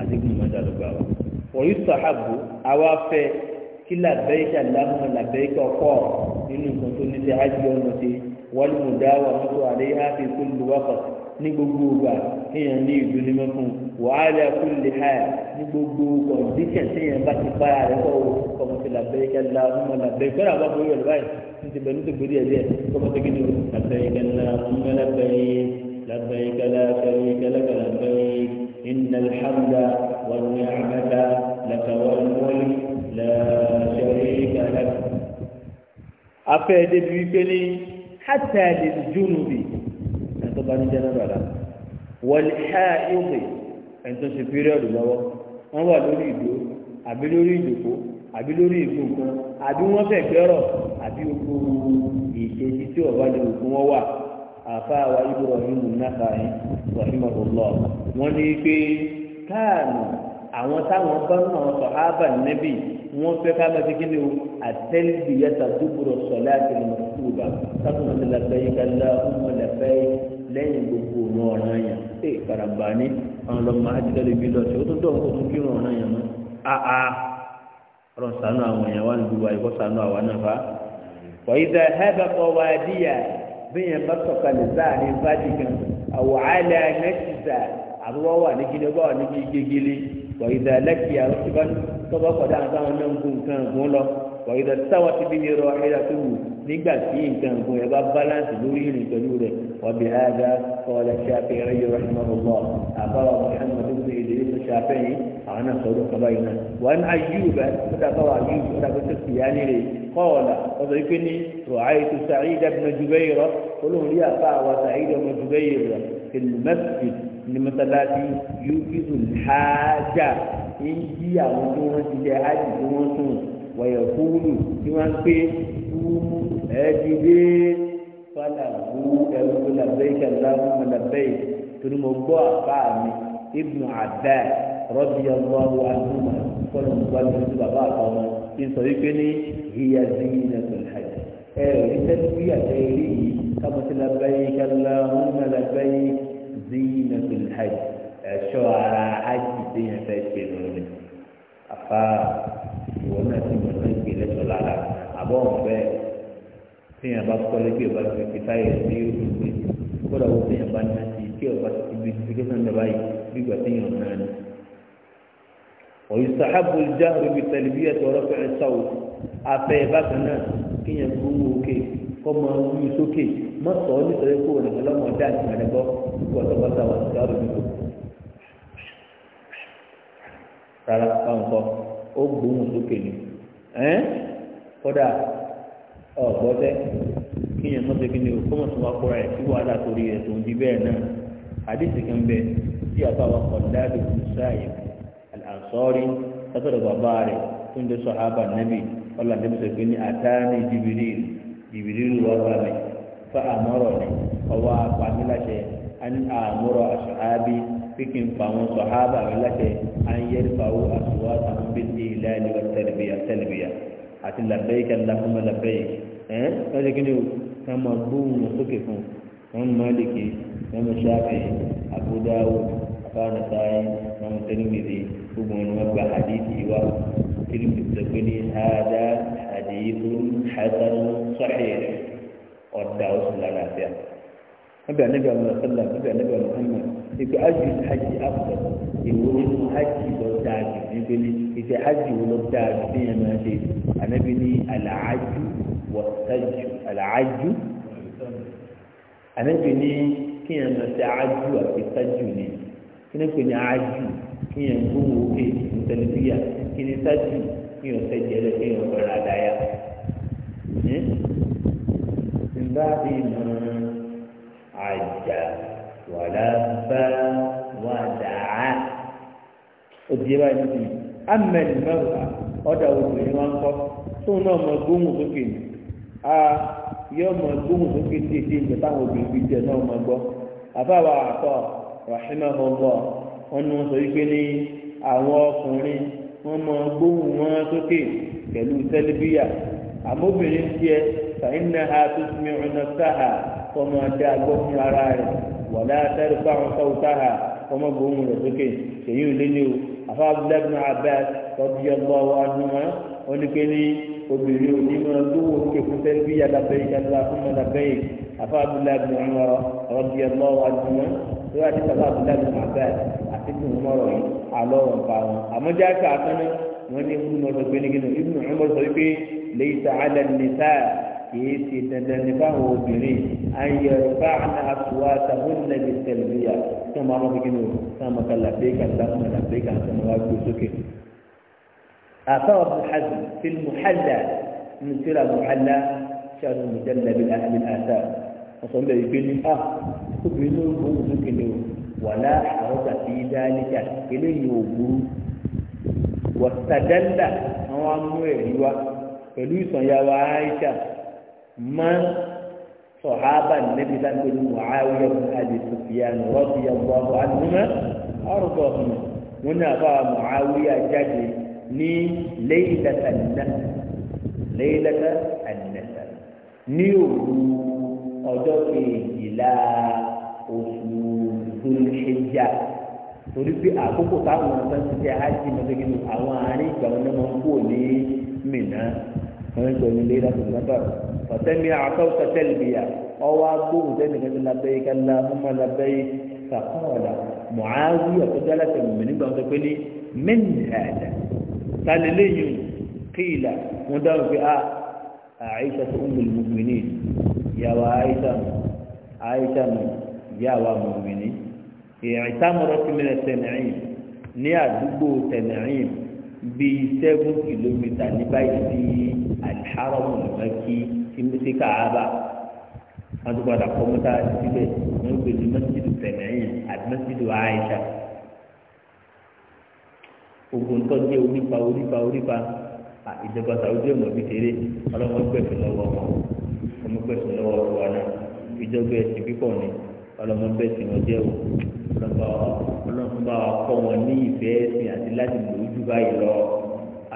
adigun mọdà ló gbà wá wọ̀nyí sọ̀hábù àwa fẹ́ kí làbẹ́yìká lámú làbẹ́yìká ọkọ̀ nínú nǹkan tó ní ti ájú ọ̀nà ti wọ́n mú dáwà mọ́tò àdéhà fi kúlù wákàtí. ní gbogbo ìgbà èèyàn ní ní mẹ́fún wàhálà kúlè ha ní gbogbo kọ̀ǹdíṣẹ̀ tí èèyàn bá ti bára rẹ̀ kọ́ kọ́mọ̀tì làbẹ́yẹkẹ́ la ọmọ làbẹ́yẹ kọ́ra bá borí ọ̀lẹ́ báyìí ní ti bá re ko komoti tó borí ẹ̀ díẹ̀ kọ́mọ̀tì kí ni o làbẹ́yẹkẹ́ la ọmọ làbẹ́yẹ làbẹ́yẹkẹ́ la làbẹ́yẹkẹ́ la làbẹ́yẹ iná alḥamda wọn ní àmàta làkàwọ́ ọ̀nwọ́lì làṣẹ̀rí tó bá ní jẹ́nẹ́rọ̀lá wọlé ha ìwé ẹni tó ń ṣe píríọ̀dù lọ́wọ́ wọ́n wà lórí ìdó àbí lórí ìdòkó àbí lórí ìgbò kan àbí wọ́n fẹ̀ gbẹ́rọ̀ àbí gbogbo ìṣèjì tí ọ̀bá lè wò fún wọn wà àfa àwa ibrahim nàkàrí rahimahullah wọ́n ní pé káàmù àwọn táwọn bá ń àwọn sọ̀hábà nẹ́bì wọ́n fẹ́ ká máa fi kí ni o àtẹ́lẹ́bì yàtà dúpọ̀ sọ̀lá àti mọ̀túbà sábà wọn ti làbẹ́yìn kálá ọmọ làbẹ́yìn. lẹ́yìn gbogbo ọ̀nà ọ̀nà yẹn ṣé ìkarabà ní àwọn ọlọ́mọ ajílẹ̀ bí lọ sí ó tún dọ̀ ó kírun ọ̀nà yẹn mọ́ àà ọ̀rọ̀ sànú àwọn èèyàn wà ní wa àyíkọ́ sànú àwa náà fa. wàyídà ẹ̀bẹ̀kọ̀ wà díyà bí yẹn bá sọ̀kalẹ̀ sáàrin fájì kan àwọ̀ àìlẹ̀ wà ní ọgbà wà ní ọ̀yẹ́dọ̀ sáwọ́ ti bí ní rọ ẹ̀dá tó wù nígbà tí nǹkan nǹkan ẹ̀ bá balance lórí ìrìn pẹ̀lú rẹ̀ ọ̀bì àdá ọ̀lẹ̀ ṣàfẹ́ ẹ̀yẹ rahmanullah àbáwọ̀ muhammadu bin idris ṣàfẹ́ yìí àwọn náà sọ̀rọ̀ kaba yìí náà wọn ayúb ẹ̀ kódà báwọ̀ ayúb kódà bó tó sì yá ní rẹ̀ kọ́ọ̀lá ọ̀sọ̀ yìí pé ní rọ̀háyìtú sàrídà bìnà jùbẹ́yìrọ̀ olóhùn rí àfa àwọn sàrídà ọmọ jùbẹ́yìrọ̀ ìlúmẹ́sì ní mọ́tàláṣí yúkìsù hájà ń jí àwọn tó wọ́n ti jẹ́ hájì tó wọ́n sùn wọ̀yẹ̀ kúlù tí wọ́n pé kúlù ẹ̀ẹ́dìdé fàlà bú ẹ̀rọ làbẹ́yì aláwọ̀ làbẹ́yì torí mo gbọ́ àbá mi ibnu abẹ́ rọ́bì ọlọ́wọ́ àdúmọ̀ kọ́lù nígbà tó ti bàbá àtọ́mọ́ kí n sọ wípé ní hìyà sí ilẹ̀ tó hajj ẹ̀ rí sẹ́dúbí àti ẹ̀rí yìí kábọ̀tì làbẹ́yì aláwọ̀ làbẹ́yì sí ilẹ̀ tó hajj ẹ̀ṣọ́ ara hajj dé yẹn fẹ́ ṣe lónìí ìwọ náà ti mọ̀ ní ìpè lẹ́sọ̀ lára àbọ̀ ọ̀fẹ́ tíyàn bá kọ́lé bí ọba ti fi táyà sí òkúté kódà wọ́n tíyàn bá náà ti kí ọba ti fi fi kí sọ́nà báyìí bí ìgbà tíyàn náà ni. ويستحب الجهر بتلبية ورفع الصوت أفي بكنا كي يكون أوكي كما يسوكي ما صلي تلقوا ونحن ما دعت من أبو وتبطى والجهر بكنا rárá báwọn kọ ó gbóhùn sókè ni ẹ́n kódà ọ̀gbọ́tẹ́ kíyàn mọ́tò kí ni òkú mọ̀tò wá kóra ẹ̀ sí wàhálà torí ẹ̀ tó ń di bẹ́ẹ̀ náà àdéhùn kan bẹ tí a bá wa kọ̀ dáàbò fún sáàyè àlànsọ́rí látọ̀dọ̀ bàbá rẹ̀ tó ń dé sọ ábà nẹ́bì ọlọ́dẹ mọ̀tò kí ni àtàní jìbìrì jìbìrì wà bá mi fa àmọ́rọ̀ ni ọwọ́ apamíláṣẹ àmúrọ̀ bí kì ń fa àwọn sọ̀hábà rẹ̀ láti ayé ìfàwọ́ àtúwá àwọn bí ti ilé ẹni wà tẹ̀lébíyà tẹ̀lébíyà àti làbẹ́yìí aláfúnmọ́ làbẹ́yìí ẹ̀ lọ́jọ́ kí ni o ká máa gbóhùn wọn sókè fún wọn mọ́lìkì wọn mọ ṣáfì àbúdáwò afáànàtàyè wọn mọ tẹlifíṣì gbogbo wọn ni wọn gba àdìsí wa tẹlifíṣì sọ pé ní àádá àdìsí hasan sọ́hìn ọ̀dà oṣù lálàáfíà. níbi ànábì àwọn ọ̀sọ́lá níbi ànábì àwọn ọ̀hánmà ibi ájì ájì afdal ìwò nínú ájì lọ dáàbì níbi ní ibi ájì wò lọ dáàbì ní ẹ̀mí àti ànábì ní àlàájú wọ̀sájú àlàájú ànábì ní kí ẹ̀ máa ṣe ájú àti sájú ni kí ni pè ní ájú kí ẹ̀ gbówó òkè ní tẹlifíyà kí ni sájú kí ẹ̀ fẹ́ jẹ́lẹ̀ kí ẹ̀ fẹ́ ra dáyà. ní bá a bí mọ̀ ọ́n. àjà wàlábà wàdàá ó di ẹwà níbi amẹ́lì mẹ́wàá ọ̀dà obìnrin wa ń náà mọ gbóhùn sókè ní a yọ mọ gbóhùn sókè tí èdè ìjọ táwọn obìnrin fi jẹ náà mọ gbọ́ àbáwá àtọ rahimahullah wọn ni wọn sọ wípé ní àwọn ọkùnrin wọn mọ gbóhùn wọn sókè ha tó sáà. ọmọ àti agbọ́ fún ara rẹ̀ wọ̀lá àtẹ́rù fáwọn sọ́wọ́tà ha ọmọ gbòòmù rẹ̀ sókè èyí ò lé ní o àfa abúlẹ́bùn abẹ́ ọdún yẹn lọ wà nù wọn ó ní pé ní obìnrin òní máa lówó òkè fún sẹ́ni bí yàdàbẹ́ ìjàdàbà fún mọ̀dàbẹ́ yìí àfa abúlẹ́bùn ọdún yẹn lọ wà nù wọn tó yà ti sàbà abúlẹ́bùn abẹ́ àti tùn mọ́rọ̀ yìí àlọ́ wọn pa wọn àmọ́jà ká àtọ́nà wọn ní ibùdó mọ́tò gbẹ́nìgbẹ́nì ibùdó mọ́tò sọ wípé lè kìí ṣe dandan ní báwọn obìnrin ayẹ̀rọ bá àná àtúwá tàbí nàbí tẹlifíà tí wọn máa fi kíni o tí wọn máa ka làbẹ́kà làbẹ́kà làbẹ́kà tí wọn máa gbé sókè. àtàwọn muhàlì fi muhàlà ní tíra muhàlà ṣáàtú mùjálà bí àhàlì àtà wọn sọ bẹ́ẹ̀ gbé a ah, obìnrin ló ń bọ̀ ní sókè ni o wàlá àwọn àti ìdánilẹ́jà eléyìí ò burú wọ́n tàdánlà àwọn amú wa pẹ̀lú ìsọ̀yàwó àìsà. من صحابة النبي صلى الله عليه وسلم معاوية بن أبي سفيان رضي الله عنهما أرضاهما هنا بقى معاوية جدي ني ليلة النسل ليلة النسل نيو أدوكي إلى أسلوب ذو الحجة torí pé àkókò táwọn ọ̀sán ti jẹ́ ájì mọ́tò kí ni àwọn àárín ìgbà wọn náà máa ń kó ní mìíràn wọ́n ń pè ní léyìnlá tó lọ́dọ̀ ọ̀tẹ́mi àtọ́wọ́tà tẹ́lẹ̀bìyà ọwọ́ agbóhùn tẹ́lẹ̀kẹ́ ní labẹ́yì kálá ọmọ labẹ́yì kàkọ́ọ̀lá mọ̀áwí ọ̀tọ́jọ́ aláṣẹ mọ̀mọ́ nígbà wọn sọ pé ní mẹ́nìhàdà tálẹ́lẹ́yìn kíìlà wọn dáhùn pé a àìsà tó ń wùlù mùmìnì yàwá àìsà mọ̀ àìsà mọ̀ yàwá mùmìnì ìrìntàmọ̀rọ̀ tìmílẹ̀ tẹ̀mẹ̀rin ní àdúgbò tẹ̀mẹ̀rin bíi seven kìlómítà ní báyìí sí aliharamu lọ́kì tí mo ti káàbà wọ́n ti padà kọ́ mọ́tà síbẹ̀ wọ́n gbé ní mọ́sídù tẹ̀mẹ́yìn àti mọ́sídù àìsà ogun tó jẹ́ onípa onípa onípa ìjọba sàwùjọ ìmọ̀ bíi tèrè ọlọ́mọ gbẹ̀sùn lọ́wọ́ wọn ọmọ gbẹ̀sùn lọ́wọ́ wọn náà ìjọba ẹ̀sìn pípọ̀ ni ọlọ́mọ bẹ́ẹ̀ sì wọ́n jẹ́ o ọlọ́mọ bá wa kọ́ wọn ní ìfẹ́ ẹ̀sìn àti láti lò ó jù báyìí lọ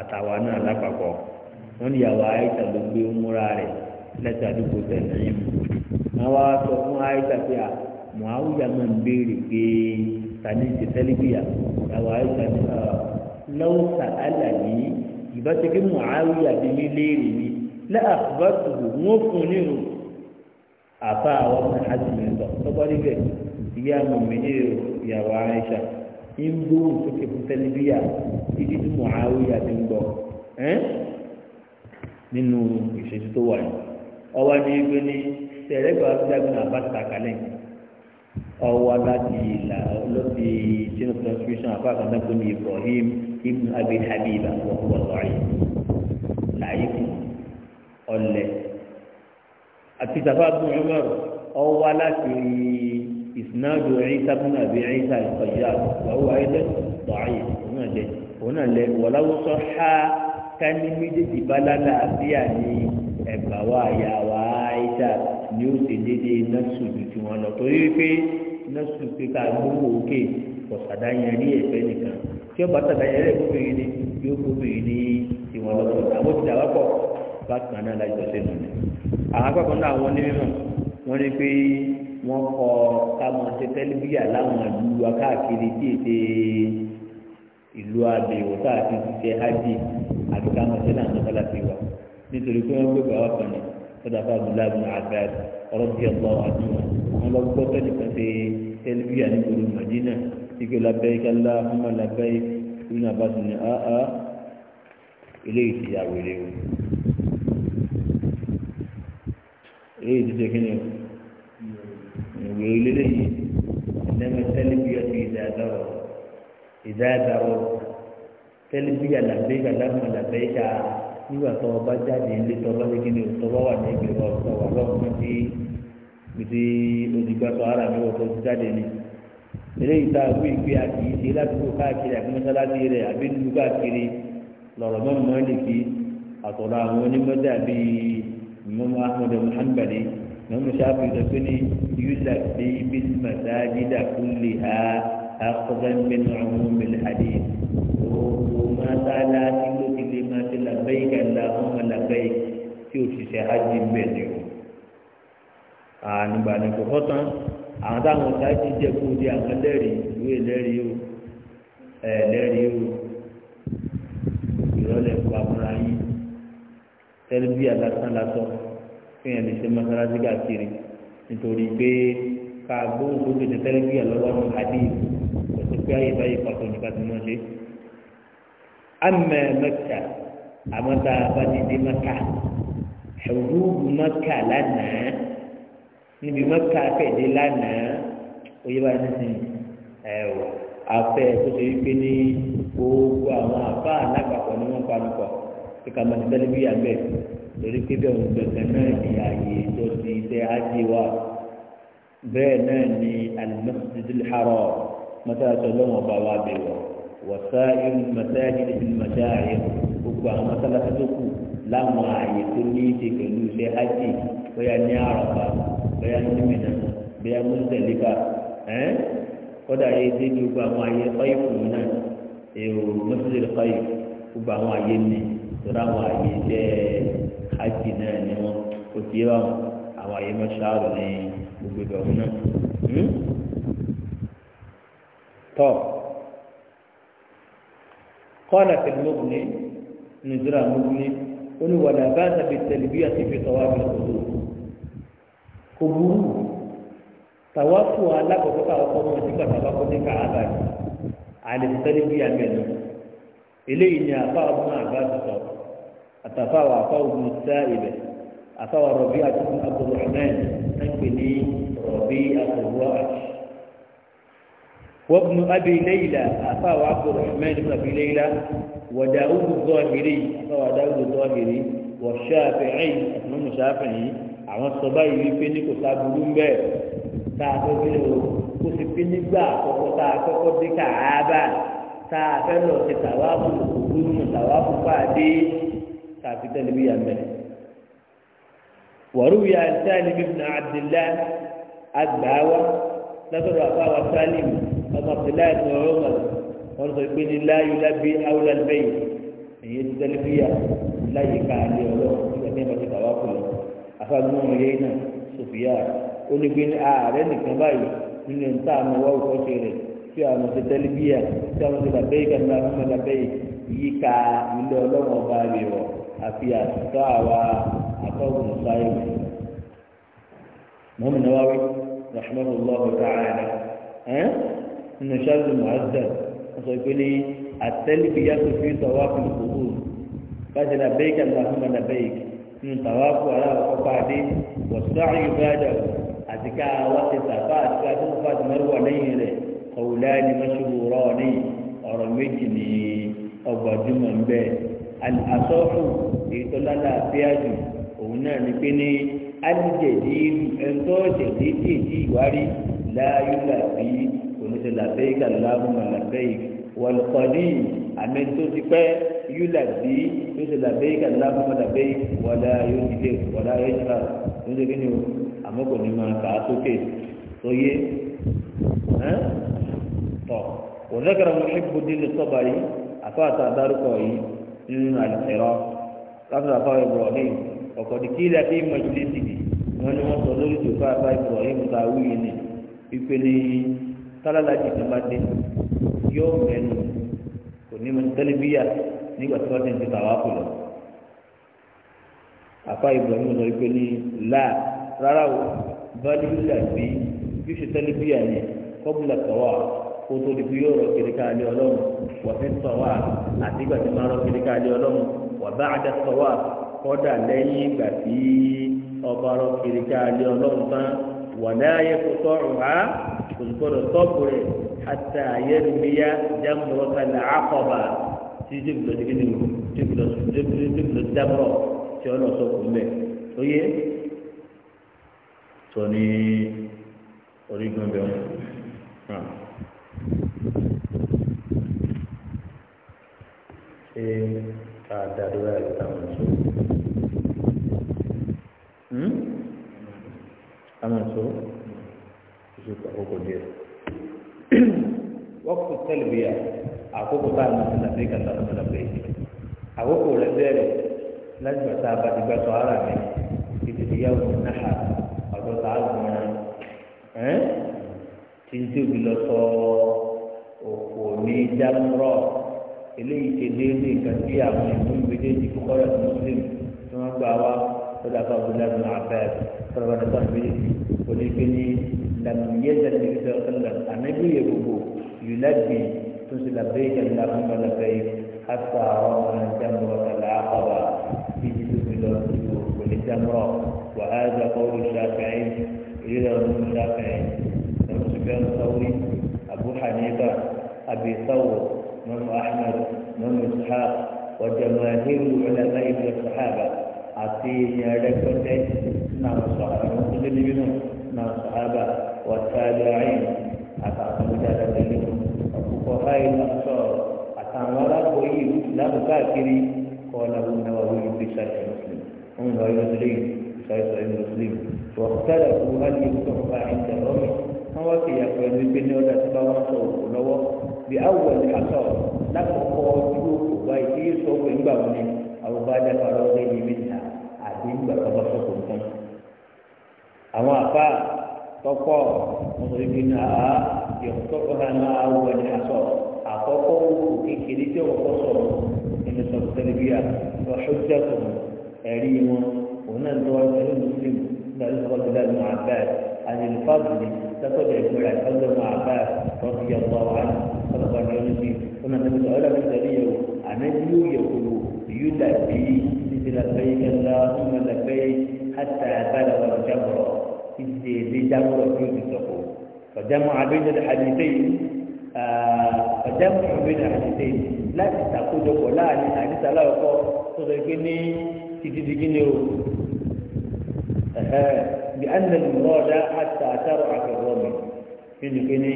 àtàwa náà lápapọ̀ wọ́n ní ìyàwó àyíṣà ló gbé múra rẹ̀ lẹ́sẹ̀ àdúgbò tẹ̀lé yín wọ́n wá sọ fún àyíṣà pé à mọ̀áwùyà máa ń béèrè pé tani ti tẹ́lifíà ìyàwó àyíṣà ní lọ́wọ́ sàálà yìí ìbá ti kí mọ̀áwùyà bí mi léèrè mi lẹ́ àkùbá tòbò wọ́n fún un ní ìròyìn àfa àwọn ọmọ àti ìyẹ̀ntọ́ tọ́gbọ́n níbẹ̀ ìyá mi mìíní o ìyàwó aráyíṣà ń gbóhùn sókè fún tẹlifíyà títí tí mo àáwó yà ti ń gbọ́ nínú ìṣèjú tó wà yìí ọwọ́ ní gbé ní tẹ̀rẹ́gbà dágbọ́n àbáta kalẹ̀ ọwọ́ láti ìlà lọ́sí chain of transmission àfa àkàndàgbọ́n ní ibrahim ibn abi habiba wọ́n wọ́n lọ́ọ̀rì láyé fún ọlẹ́ àti ìtàfà bùn umar ọwọ́ láti ìsìnàdù ẹ̀yìnsá bùn àbí ẹ̀yìnsá ìkọjá wàhùn ayédẹ́ bọ̀ọ̀yì òun náà jẹ òun náà lẹ wọ̀láwọ́ sọ ha kání méjèèjì bá lálàáfíà ní ẹ̀gbà wa àyà wa àyíṣà ni ó ti dédé nọ́ọ̀sù ju ti wọn lọ torí pé nọ́ọ̀sù pé ká gbówó òkè kọ̀sàdá yẹn rí ẹ̀fẹ́ nìkan tí ó bá sàdá yẹn rẹ̀ gbóbìnrin ni yóò gbóbìnrin ní tiwọn lọ bákan náà láì sọ sínú ni àwọn akẹ́kọ̀ọ́ náà wọ́n ní mímọ̀ wọ́n ní pé wọ́n kọ káwọn ṣe tẹ́lifíà láwọn ìlú wa káàkiri tí èdè ìlú abẹ́wò káàkiri ti ṣe hajj àti káwọn ṣe náà mọ́tàlá ti wà nítorí pé wọ́n gbé bàbá kan ní sọ́dọ̀ afáàbùlá àbúrò àgbàdo ọ̀rọ̀ bí ọ̀gbọ́n àdúrà wọn lọ gbọ́ tẹ́lifíà ṣe tẹ́lifíà ní gbòòrò ike labẹ́yìí kálá ọmọ labẹ́yìí ìlú nàbàtì ní àá ilé ìtìyàwó ilé wọn. èyí ti ṣe kíni ìwé olélé yìí ẹnẹmẹ tẹlifíà ti ìdáadáwọ ìdáadáwọ tẹlifíà làbẹ́yà lámà làbẹ́yà nígbà tó o bá jáde ilé tó o bá ṣe kíni tó o bá wà ní ìgbìmọ̀ tó o wà lọ́wọ́ tí gbèsè odigbàtọ̀ ara mi wọ̀ tó o ti jáde ni eléyìí tá a wí pé a kì í ṣe ládùúgbò káàkiri àti mọ́sálásí rẹ̀ àbí nínú káàkiri lọ̀rọ̀ mọ́ mọ́lìkì àtọ̀rọ̀ àwọn onímọ́tà bíi ìmọ̀mọ́ ahmed muhammed ìmọ̀mọ́ sábà sọ pé ní yúlà bí bísí màsáàjìdà kúlì ha akọ́gbẹ́ngbẹ́ni ọ̀hún mẹ́lẹ̀ àdé gbogbo mọ́tàlá tí ló ti lè máa ti làbẹ́yì kàlá ọmọ làbẹ́yì tí òṣìṣẹ́ hajj bẹ̀ ni o. ànígbà ní kò fọ́tán àwọn táwọn ọ̀tá ti jẹ́ kó di àwọn lẹ́rìí ìwé lẹ́rìí o ẹ̀ lẹ́rìí o ìrọ̀lẹ́ fún abúlé ayé tẹ́lifí alásán lásọ fún yẹn lè ṣe mọ́sálásí káàkiri nítorí pé ká gbóhùn tó tètè tẹ́lifí àlọ́wọ́ àwọn àdéhì kò sí pé ayé báyìí pàtó nípa ti mọ́ ṣe. amẹ́ mẹ́ta àmọ́ tá a bá ti dé mẹ́ta ẹ̀wù mẹ́ta lánàá níbi mẹ́ta fẹ̀dé lánàá oyè bá ti sìn ẹ̀wọ̀ afẹ́ tó ṣe wípé ní gbogbo àwọn àbá alágbàpọ̀ ni wọ́n pa kíkà máa tẹ́lẹ̀ bí yàgbẹ́ torí pé bí ọ̀hún gbẹ̀gbẹ̀ náà ní ààyè tó ti iṣẹ́ ájì wa bẹ́ẹ̀ náà ni alimọ́sídìdì xarọ́ mọ́tàlásọ lọ́wọ́ bá wa bẹ̀ wọ̀ wọ́sá irun mọ́tàlásí ti mọ́tà ayé gbogbo àwọn mọ́tàlásí tó kù láwọn ààyè tó ní ṣe pẹ̀lú iṣẹ́ ájì bóyá ní àràbà bóyá ní mìnà bóyá mọ́tàlíkà ẹ́ kọ́dà yé dé ní gbogbo àwọn ààyè kọ́yì náà èrò mọ́tàlásí tora àwọn àyè jẹ́ hajj náà ni wọ́n kò sí ẹ báwọn àwọn àyè mọ́ṣáàrù ní gbogbo ìgbà wọn náà. Hmm? tọ́ kọ́lá tẹ̀lẹ́mọ́gùnì nìjọ́ra mọ́gùnì olùwàdà bá tàbí tẹ̀lẹ́bí àti fi tọ́wọ́ àbí ọ̀dọ́ kò burú tàwáfù alákọ̀ọ́kọ́ táwọn ọkọ̀ wọn ti gbàgbà kọ́ ní káàbà yìí àlè tẹ̀lẹ́bí àmì ẹ̀nà eléyìí ni àbá ọmọ àgbà sọ̀tọ̀ àtàfàwà àfàwùn sáìbẹ̀ àfàwà rọ̀bí àtúntò abdulrahman ẹgbẹ́ ní rọ̀bí àtúwàj. وابن أبي ليلى أفاو عبد الرحمن بن أبي ليلى وداود الظاهري أفاو داود الظاهري والشافعي أتمنى الشافعي àwọn sọba yìí wípé ní kò sábúrú ń bẹ tá a fẹ́ bílẹ̀ o kó sì pé nígbà àkọ́kọ́ tá a kọ́kọ́ dé káàbà tá a fẹ́ lọ sí tàwáàbù òkúrú tàwáàbù pàdé tàbí tẹlifíyà mẹ. wàrúwì àtàlìm ibùnà abdullah agbáwa lọ́sọ̀rọ̀ àfáwà sálìm ọmọ abdullahi ibùnà ọ̀rọ̀ wọn sọ pé ní láyé lábí awúlá bẹ́yì èyí ti tẹlifíyà láyé káàlì ọ̀rọ̀ nígbà tí wọ́n ti tàwa kù lọ. afáàgbọ́n ọmọ yẹn náà sòfìyà ó ní gbé ní ààrẹ nìkan báyìí nínú ìta àmọ́ wọ́n kọ́ ṣe rẹ̀ tí àwọn ti tẹlifíyà tí àwọn ti làbẹ́yì kàmínà àwọn ọmọ làbẹ́yì yíká ilé ọlọ́wọ́n ọba rẹ̀ wọ̀ àti àtúntọ́ àwa àtọ́gùn sáyé mi. mọ́mí náà wáwí rahmanu allah ta'ala ẹ́n nínú ṣáàlù muhazzan wọ́n sọ pé ní àtẹ́lẹ́kì yàtọ̀ fi sọ̀wá fún ìkòkò báṣẹ làbẹ́yìí kàlá fún làbẹ́yìí nínú tàwáfù aláwọ̀ pàdé wọ̀sùláàrí ìbáàdà àti ká wá ti sàfà àti ká tó fà tó mẹ́rù wà lẹ́yìn rẹ̀ kọ̀wùláì ni mọ́ṣúrù ọ̀rọ̀ méjì ní ọgbàdúmọ̀ ń bẹ́ẹ̀ àsọ́fù èyí tó lálàáfíà jù òun náà ni pé ní alìjẹ̀dì ẹ̀ńtọ́ jẹ̀dì tìjì ìwárí láàyò làbí oníṣẹ́ làbẹ́yì kàlámù làbẹ́yì wọ̀lùkọ́lì àmẹ́ńtó ti pẹ́ yóò làbí yóò ṣe làbẹ́yì kàlámù làbẹ́yì wọ̀lá yóò dìde wọ̀lá yóò ṣe làbẹ́yì yóò ṣe kí ni o àmọ́ kò ní kà á sókè tó yé tọ̀ òun lẹ́kẹ̀rẹ̀ mo ṣe gbòdì lè sọ́bàrí àfáàtà dárúkọ yìí nínú àlùfẹ́rọ́ lọ́sọ̀rọ̀ afọ ibrahim ọ̀kọ̀dìkìlẹ̀ tí mọ̀jìlẹ́sì ni wọ́n ní wọ́n sọ lórí ìjọba afọ ibrahim ta wúyẹ ni ìpele tálálàjì kan bá dé yóò mẹ́nu kò ní mọ̀ tẹ́lẹ̀bíyà nígbà tí wọ́n ti ń ti tàwa kù lọ. afọ ibrahim sọ ìpele láà rárá o bá dúró dàbí yóò ṣe tẹ́lẹ̀bíyà ni kọ́bùlà tọ́wọ́ kó di fi yóò rọ kiri ká lé ọlọ́run wà fi sọ̀wá àti ìgbà tí máa rọ kiri ká lé ọlọ́run wà bá àdá sọ̀wá kọ́dà lẹ́yìn ìgbà tí ọba rọ kiri ká lé ọlọ́run tán wà láàyè kó tọrùn á kò sì gbọdọ̀ tọ́pù rẹ̀ àtà ayélujára jámùrọ̀ kalẹ̀ àkọ́bà tí jébìlọ́ ti kéde jébìlọ́ jébìlọ́ dábọ̀ tí ọ lọ sọ fún mẹ́ oyé sọ ní orígun bẹ́ẹ̀ ṣé ká dàdúrà rẹ̀ táwọn sọ táwọn hmm? sọ ìṣòkò àkókò díẹ̀ wọ́pù tẹ́lẹ̀bíyà àkókò tá a mọ̀ sí làbẹ́ kàtà ọ̀sán làbẹ́ àkókò rẹ̀ bẹ̀rẹ̀ láti bàtà àbàdìgbà tó ara mi ìdìdì yà wò náà ọ̀dọ̀ tá a gbọ̀n ẹ́ tí n tí lọ sọ ní jámúrọ̀ eléyìí ṣe déédé nǹkan tí àwọn ìlú méjèèjì kọ́lá muslim tí wọ́n gbà wá lọ́dọ̀ àbá abdullahi bin abed kọ́lá bá méjèèjì onígbé ní làmúyẹ́dà ní ìṣẹ́ ọ̀sánlá ànágbé yẹ gbogbo yìí yùlágbé tó ṣe là làbẹ́ náà fún balabẹ́ yìí hàtà àwọn ọmọ jámúrọ̀ kàlà àkọ́bà títí tó fi lọ sí òkòlì jámúrọ̀ wàhálà kọ́wé ṣàfihàn ìrírà ọ̀rùn ṣàfihàn ọ̀rùn ṣùgbọ́n sọ́wé àbúhàníbà أبي ثور من أحمد من إسحاق وجماهير علماء الصحابة أعطيه ركبتين نعم الصحابة المسلمين نعم الصحابة والتابعين أتعطوا جادة منهم وفقهاء الأبصار أتعمل قوي لا مكاكري قاله النووي في شرح مسلم هم غير مسلم شرح مسلم واختلفوا هل يكتب عند الرمي هو في pẹ̀lú ibi ní ọ̀dà tó bá wọn sọ òkú lọ́wọ́ bí awọ ní asọ lákòókò ojú òkú wa ìdí yóò sọ pé ńgbà wọn ni àwọn bá dá para ọdẹ ní ibi nà àbí ńgbà tó bá sọkò nǹkan. àwọn àfa tọkọ wọn sọ ibi nà á yọkọ ọba náà awọ ní asọ àkọ́kọ́ òkú kékeré tí ọkọ sọ̀rọ̀ nínú sọkò tẹlifíà lọsọ لقد يقول عبد الله عباس رضي الله عنه صدق الرجل كنا نقول أولا من دليل أنا يقول يلبي لبيك اللهم لبيك حتى بلغ الجمر إذ بجمر في السقوط فجمع بين الحديثين آه، فجمع بين الحديثين لا تستقود ولا حديث لا يقول صدقني تدقني بأن المراد حتى شرع في kíni kíni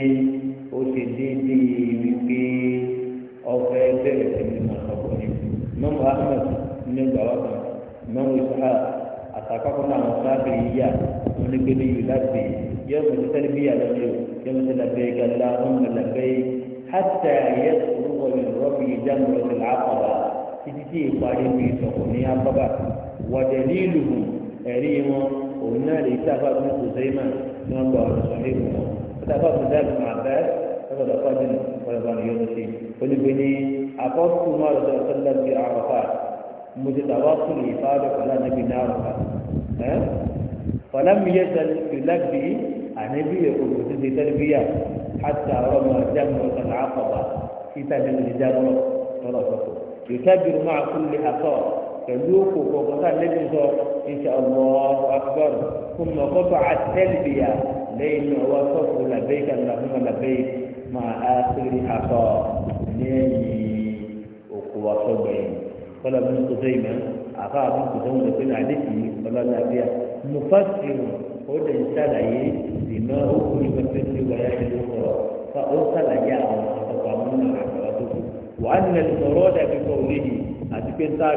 ó ṣe déédéé wípé ọfẹ bẹ̀rẹ̀ sí ní ọkùnrin mọmọ ahmed ní gbàwá kan mọmọ ìṣáà àtàkọ́kọ́ náà wọn sábẹ yíyá wọn ní kíni yìí láti yọ ọmọ tó tẹlifí yà lọ yọ yọ ọmọ tó làbẹ gàdá ọmọ làbẹ hàtà yẹ orúkọ yìí rọbì yìí dáhùn rẹ tẹlẹ àkọlà títí tí parí mi ìtọkọ ní abọba wàdẹ nílùú ẹrí wọn òun náà lè sábà fún kùsẹ́yìmá ní wọn gbà ọ̀rọ̀ sọ̀rọ̀ ìwọ̀n. àtàkọ́ àbúdá àti màbẹ́ lọ́wọ́ lọ́kọ́ nínú ọ̀rọ̀bọ̀ ni yóò ṣe olùgbé ní àkọ́kù máa lọ́dọ̀ ọ̀sọ́lá bí àrọ̀fà mo ti tàwa fún ìfáàdọ̀ pẹ̀lú ànábì ní àrọ̀fà ẹ́ fọlámi yẹ sẹ́lẹ̀bí ànábì òkú ti di tẹ́lifíyà àti àwọn ọmọ ọjà mi ọ̀sán àkọ́bà títà nínú ìjábọ̀ tọ́lọ̀ tọ́kọ̀ yòtábìrì máa kú lè àtọ̀ pẹ̀lú òkú kọ̀ọ̀kan tá lẹ́yìn ọwọ́ sọ́ọ̀kù làbẹ́yìí kàlùmọ́ làbẹ́yìí máa á sírí akọ lẹ́yìn òkú ọ̀sọ́gbẹ̀ yìí kọ́lá bí kò sẹ́yìn mọ́ àfa àbí kò sẹ́yìn mọ́ sínú àdéhì ọlọ́dàbíà mufasiru ó lè ṣàlàyé ìná òkú ìgbésẹ̀ tí wàyà ìlú sọ̀rọ̀ fa ó ṣàlàyé àwọn ọ̀pọ̀ àwọn ọ̀nà àgbà tó kù wàá nílẹ̀ sọ̀rọ̀ dàbí kọ́ òléyìí àti pé tá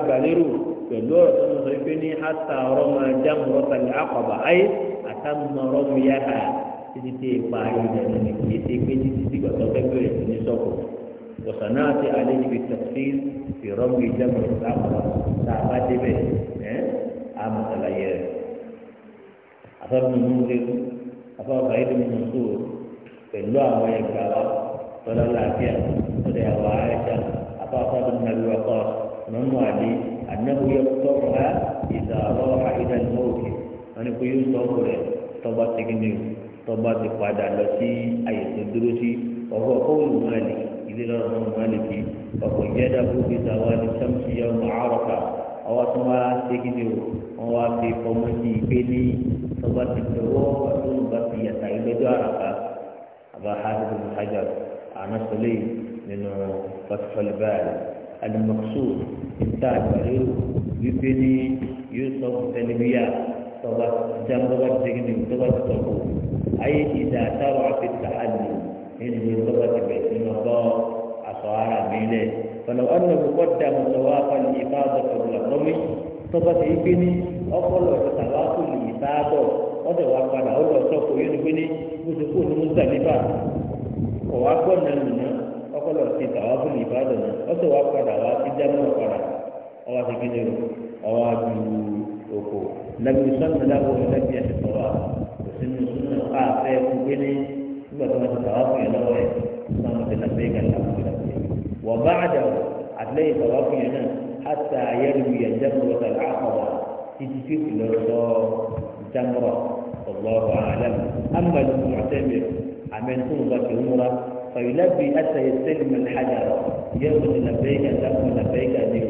a tó ń sọ àtàmọ̀rọ̀ mi yá ha títí tí ipa ìrìnà ní kìí ṣe pé títí tí gbàtọ́ fẹ́ bẹ̀rẹ̀ sí ní sọ̀kò wọ̀sán náà ti alẹ́ níbi tẹ̀sí ìrọ́mù ìjẹ́mọ̀ ìsàmọ̀rọ̀ tá a bá débẹ̀ ẹ́ àmọ̀tàlàyé rẹ̀ afọ́nùmúre afọ́nùmúre ìdúnnùmùsù pẹ̀lú àwọn ẹ̀ka wa tọ́lá làbíà tọ́lá àwọn àyíṣà afọ́nùmúre ọkọ̀ nọ́mù àdé ànáwó yẹ kọ́ ọ̀há ìdàrọ́ àìdánimọ̀ òkè wọn ni kò yóò sọ ọ́ tọ́ba ti gíní o tọ́ba ti padà lọ sí àyè tó dúró sí ọ̀họ́ kóòlù máàlì ilé lọ́rọ̀ náà máàlì bí ọ̀pọ̀ ìjẹ́dá fúnbi tàwa ní sámsì yà ọmọ àròkà ọwọ́ tó wá ti gíní o wọ́n wá fi ọmọ sí ìgbé ní tọ́ba ti tọwọ́ ọdún bá ti yàtà ìgbẹ́jọ́ àràkà àbá hajj hajj ànásọ́lé nínú fatfalibáyà alimaksu ìta àgbàlérò wípé ní yóò sọ fún tẹlifíyà tọba jẹun tọba ti segin ní tọba ti tọkọ ayé ìdá táwọn afẹ́tà àlè nínú tọba ti bẹ̀ sínú ọgbọ́ àtọ̀ ara mi lẹ̀ fọlọ́ ọ̀nà púpọ̀ dà mọ́ tọwọ́ akọni ìfá àbọ̀tọ̀ lọ́kọ́mí tọba ti gbé ní ọpọlọ ìfọ̀tà wà kó lè ìfá àbọ̀ ọ̀dọ̀ wa padà ó lọ sọ́kọ̀ yóò gbé ní gbósòkó ní musa nípa ọ̀wá gbọ́ nàmìnà ọpọlọ ti tàwa fún ìfá àbọ̀ náà ọ̀dọ̀ wa padà wá ti dá mọ́ padà ọwọ́ ti gbé ní ọwọ́ òkò lẹ́gbẹ̀ẹ́ sọ́nù lágbo lẹ́gbẹ̀ẹ́ ẹ̀sìn tọ́wà kò sínú sínú ká fẹ́ gbé ní nígbà tó wọn ti tàwa fún yẹn lọ́wọ́ yẹn náà wọn ti làbẹ́ ìgbà làwọn ti làbẹ́ wọ́n bá àdà àtìlẹ́yìn tàwa fún yẹn náà hàtà ayélujú yẹn dẹ́kun lọ́tà láàkọ̀wà títí tí kò lọ sọ jamurọ ọlọ́wọ́ àlẹ́ amadu mọ̀tẹ́mìr àmẹ́ntún bá ti múra fàyílábì hàtà yẹn sẹ́lẹ̀mẹ̀ lẹ́hàjàrọ̀ yẹ́n wọn ti làbẹ́ ìgbà làwọn ti làbẹ́ ìgbà ni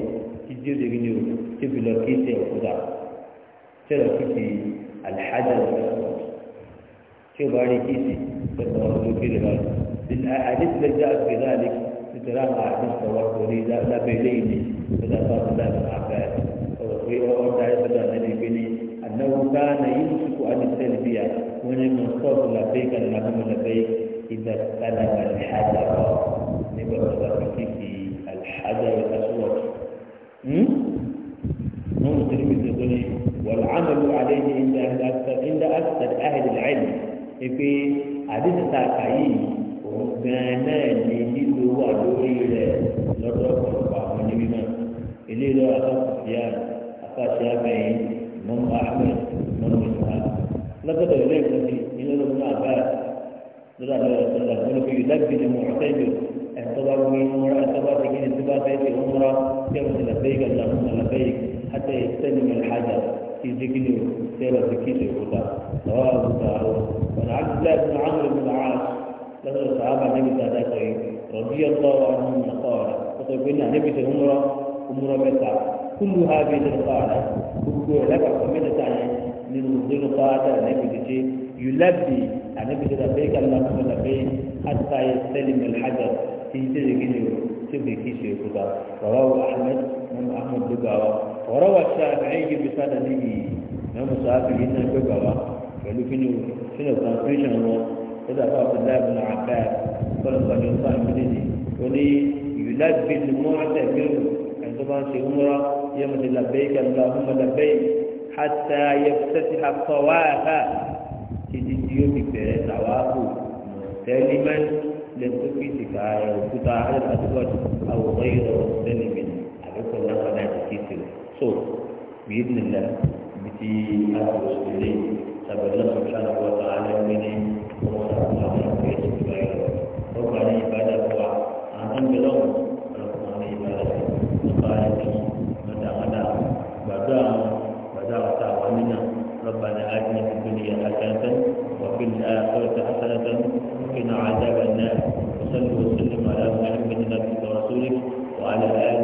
o títí ó چر کی الحجر چه باندې کی سی په اوو کې دی دا حدیث د جاءت بذلك تران حدیث په ور کوي دا د بیلین دی عباد او وی او دا په انه کان یمسك ان السلبیا ونه مصطفى لا لا کوم لا بیگ اذا طلب الحجر نبرد في الحجر الاسود نعم نعم نعم والعمل عليه عند أهل أكثر عند أكثر أهل العلم في إيه، حديث تاكاي وغانا لنيلو ودوري لدرك البعض بما إليه أخذ سفيان أخذ شافعي من أحمد من إسحاق لقد إليكم إلى ابن عباس صلى الله من وسلم يلبي المعتمر اعتبر من عمره اعتبر من انتباه في عمره كما سلبيك اللهم لبيك حتى يستلم الحجر في ذكر سيرة ذكية الهدى رواه أبو داود وعن عبد الله بن عمرو بن العاص له الصحابة النبي صلى رضي الله عنهم قال وتقول النبي عمره عمر متى كل هذه القاعدة كل لك من ثاني من ضمن قاعدة النبي تجي يلبي النبي الله اللهم لبيك حتى يستلم الحجر في ذكر تبي كيسي كذا رواه أحمد من أحمد بقوا وروى الشافعي نبي من الشافعي إنه بقوا قالوا كنوا كنوا ترانسميشن هو إذا فاق الله بن عباس قال الله عليه وسلم ولي يلبي المعتمر طبعا في عمره يمد لبيك اللهم لبيك حتى يفتتح الطواف في يوم بيت عواقب تلمن لنتوكي سكاية وكتا على الأسود أو غير مختلف عليكم لقد أتكيسر صوت بإذن الله بتي أدرس إليه سبب الله سبحانه وتعالى مني ومصرف الله في سبحانه ربنا عبادة هو أنتم بلغم ربنا عبادة وقالت مدى مدى بدأ وسلم على محمد نبيك ورسولك وعلى آله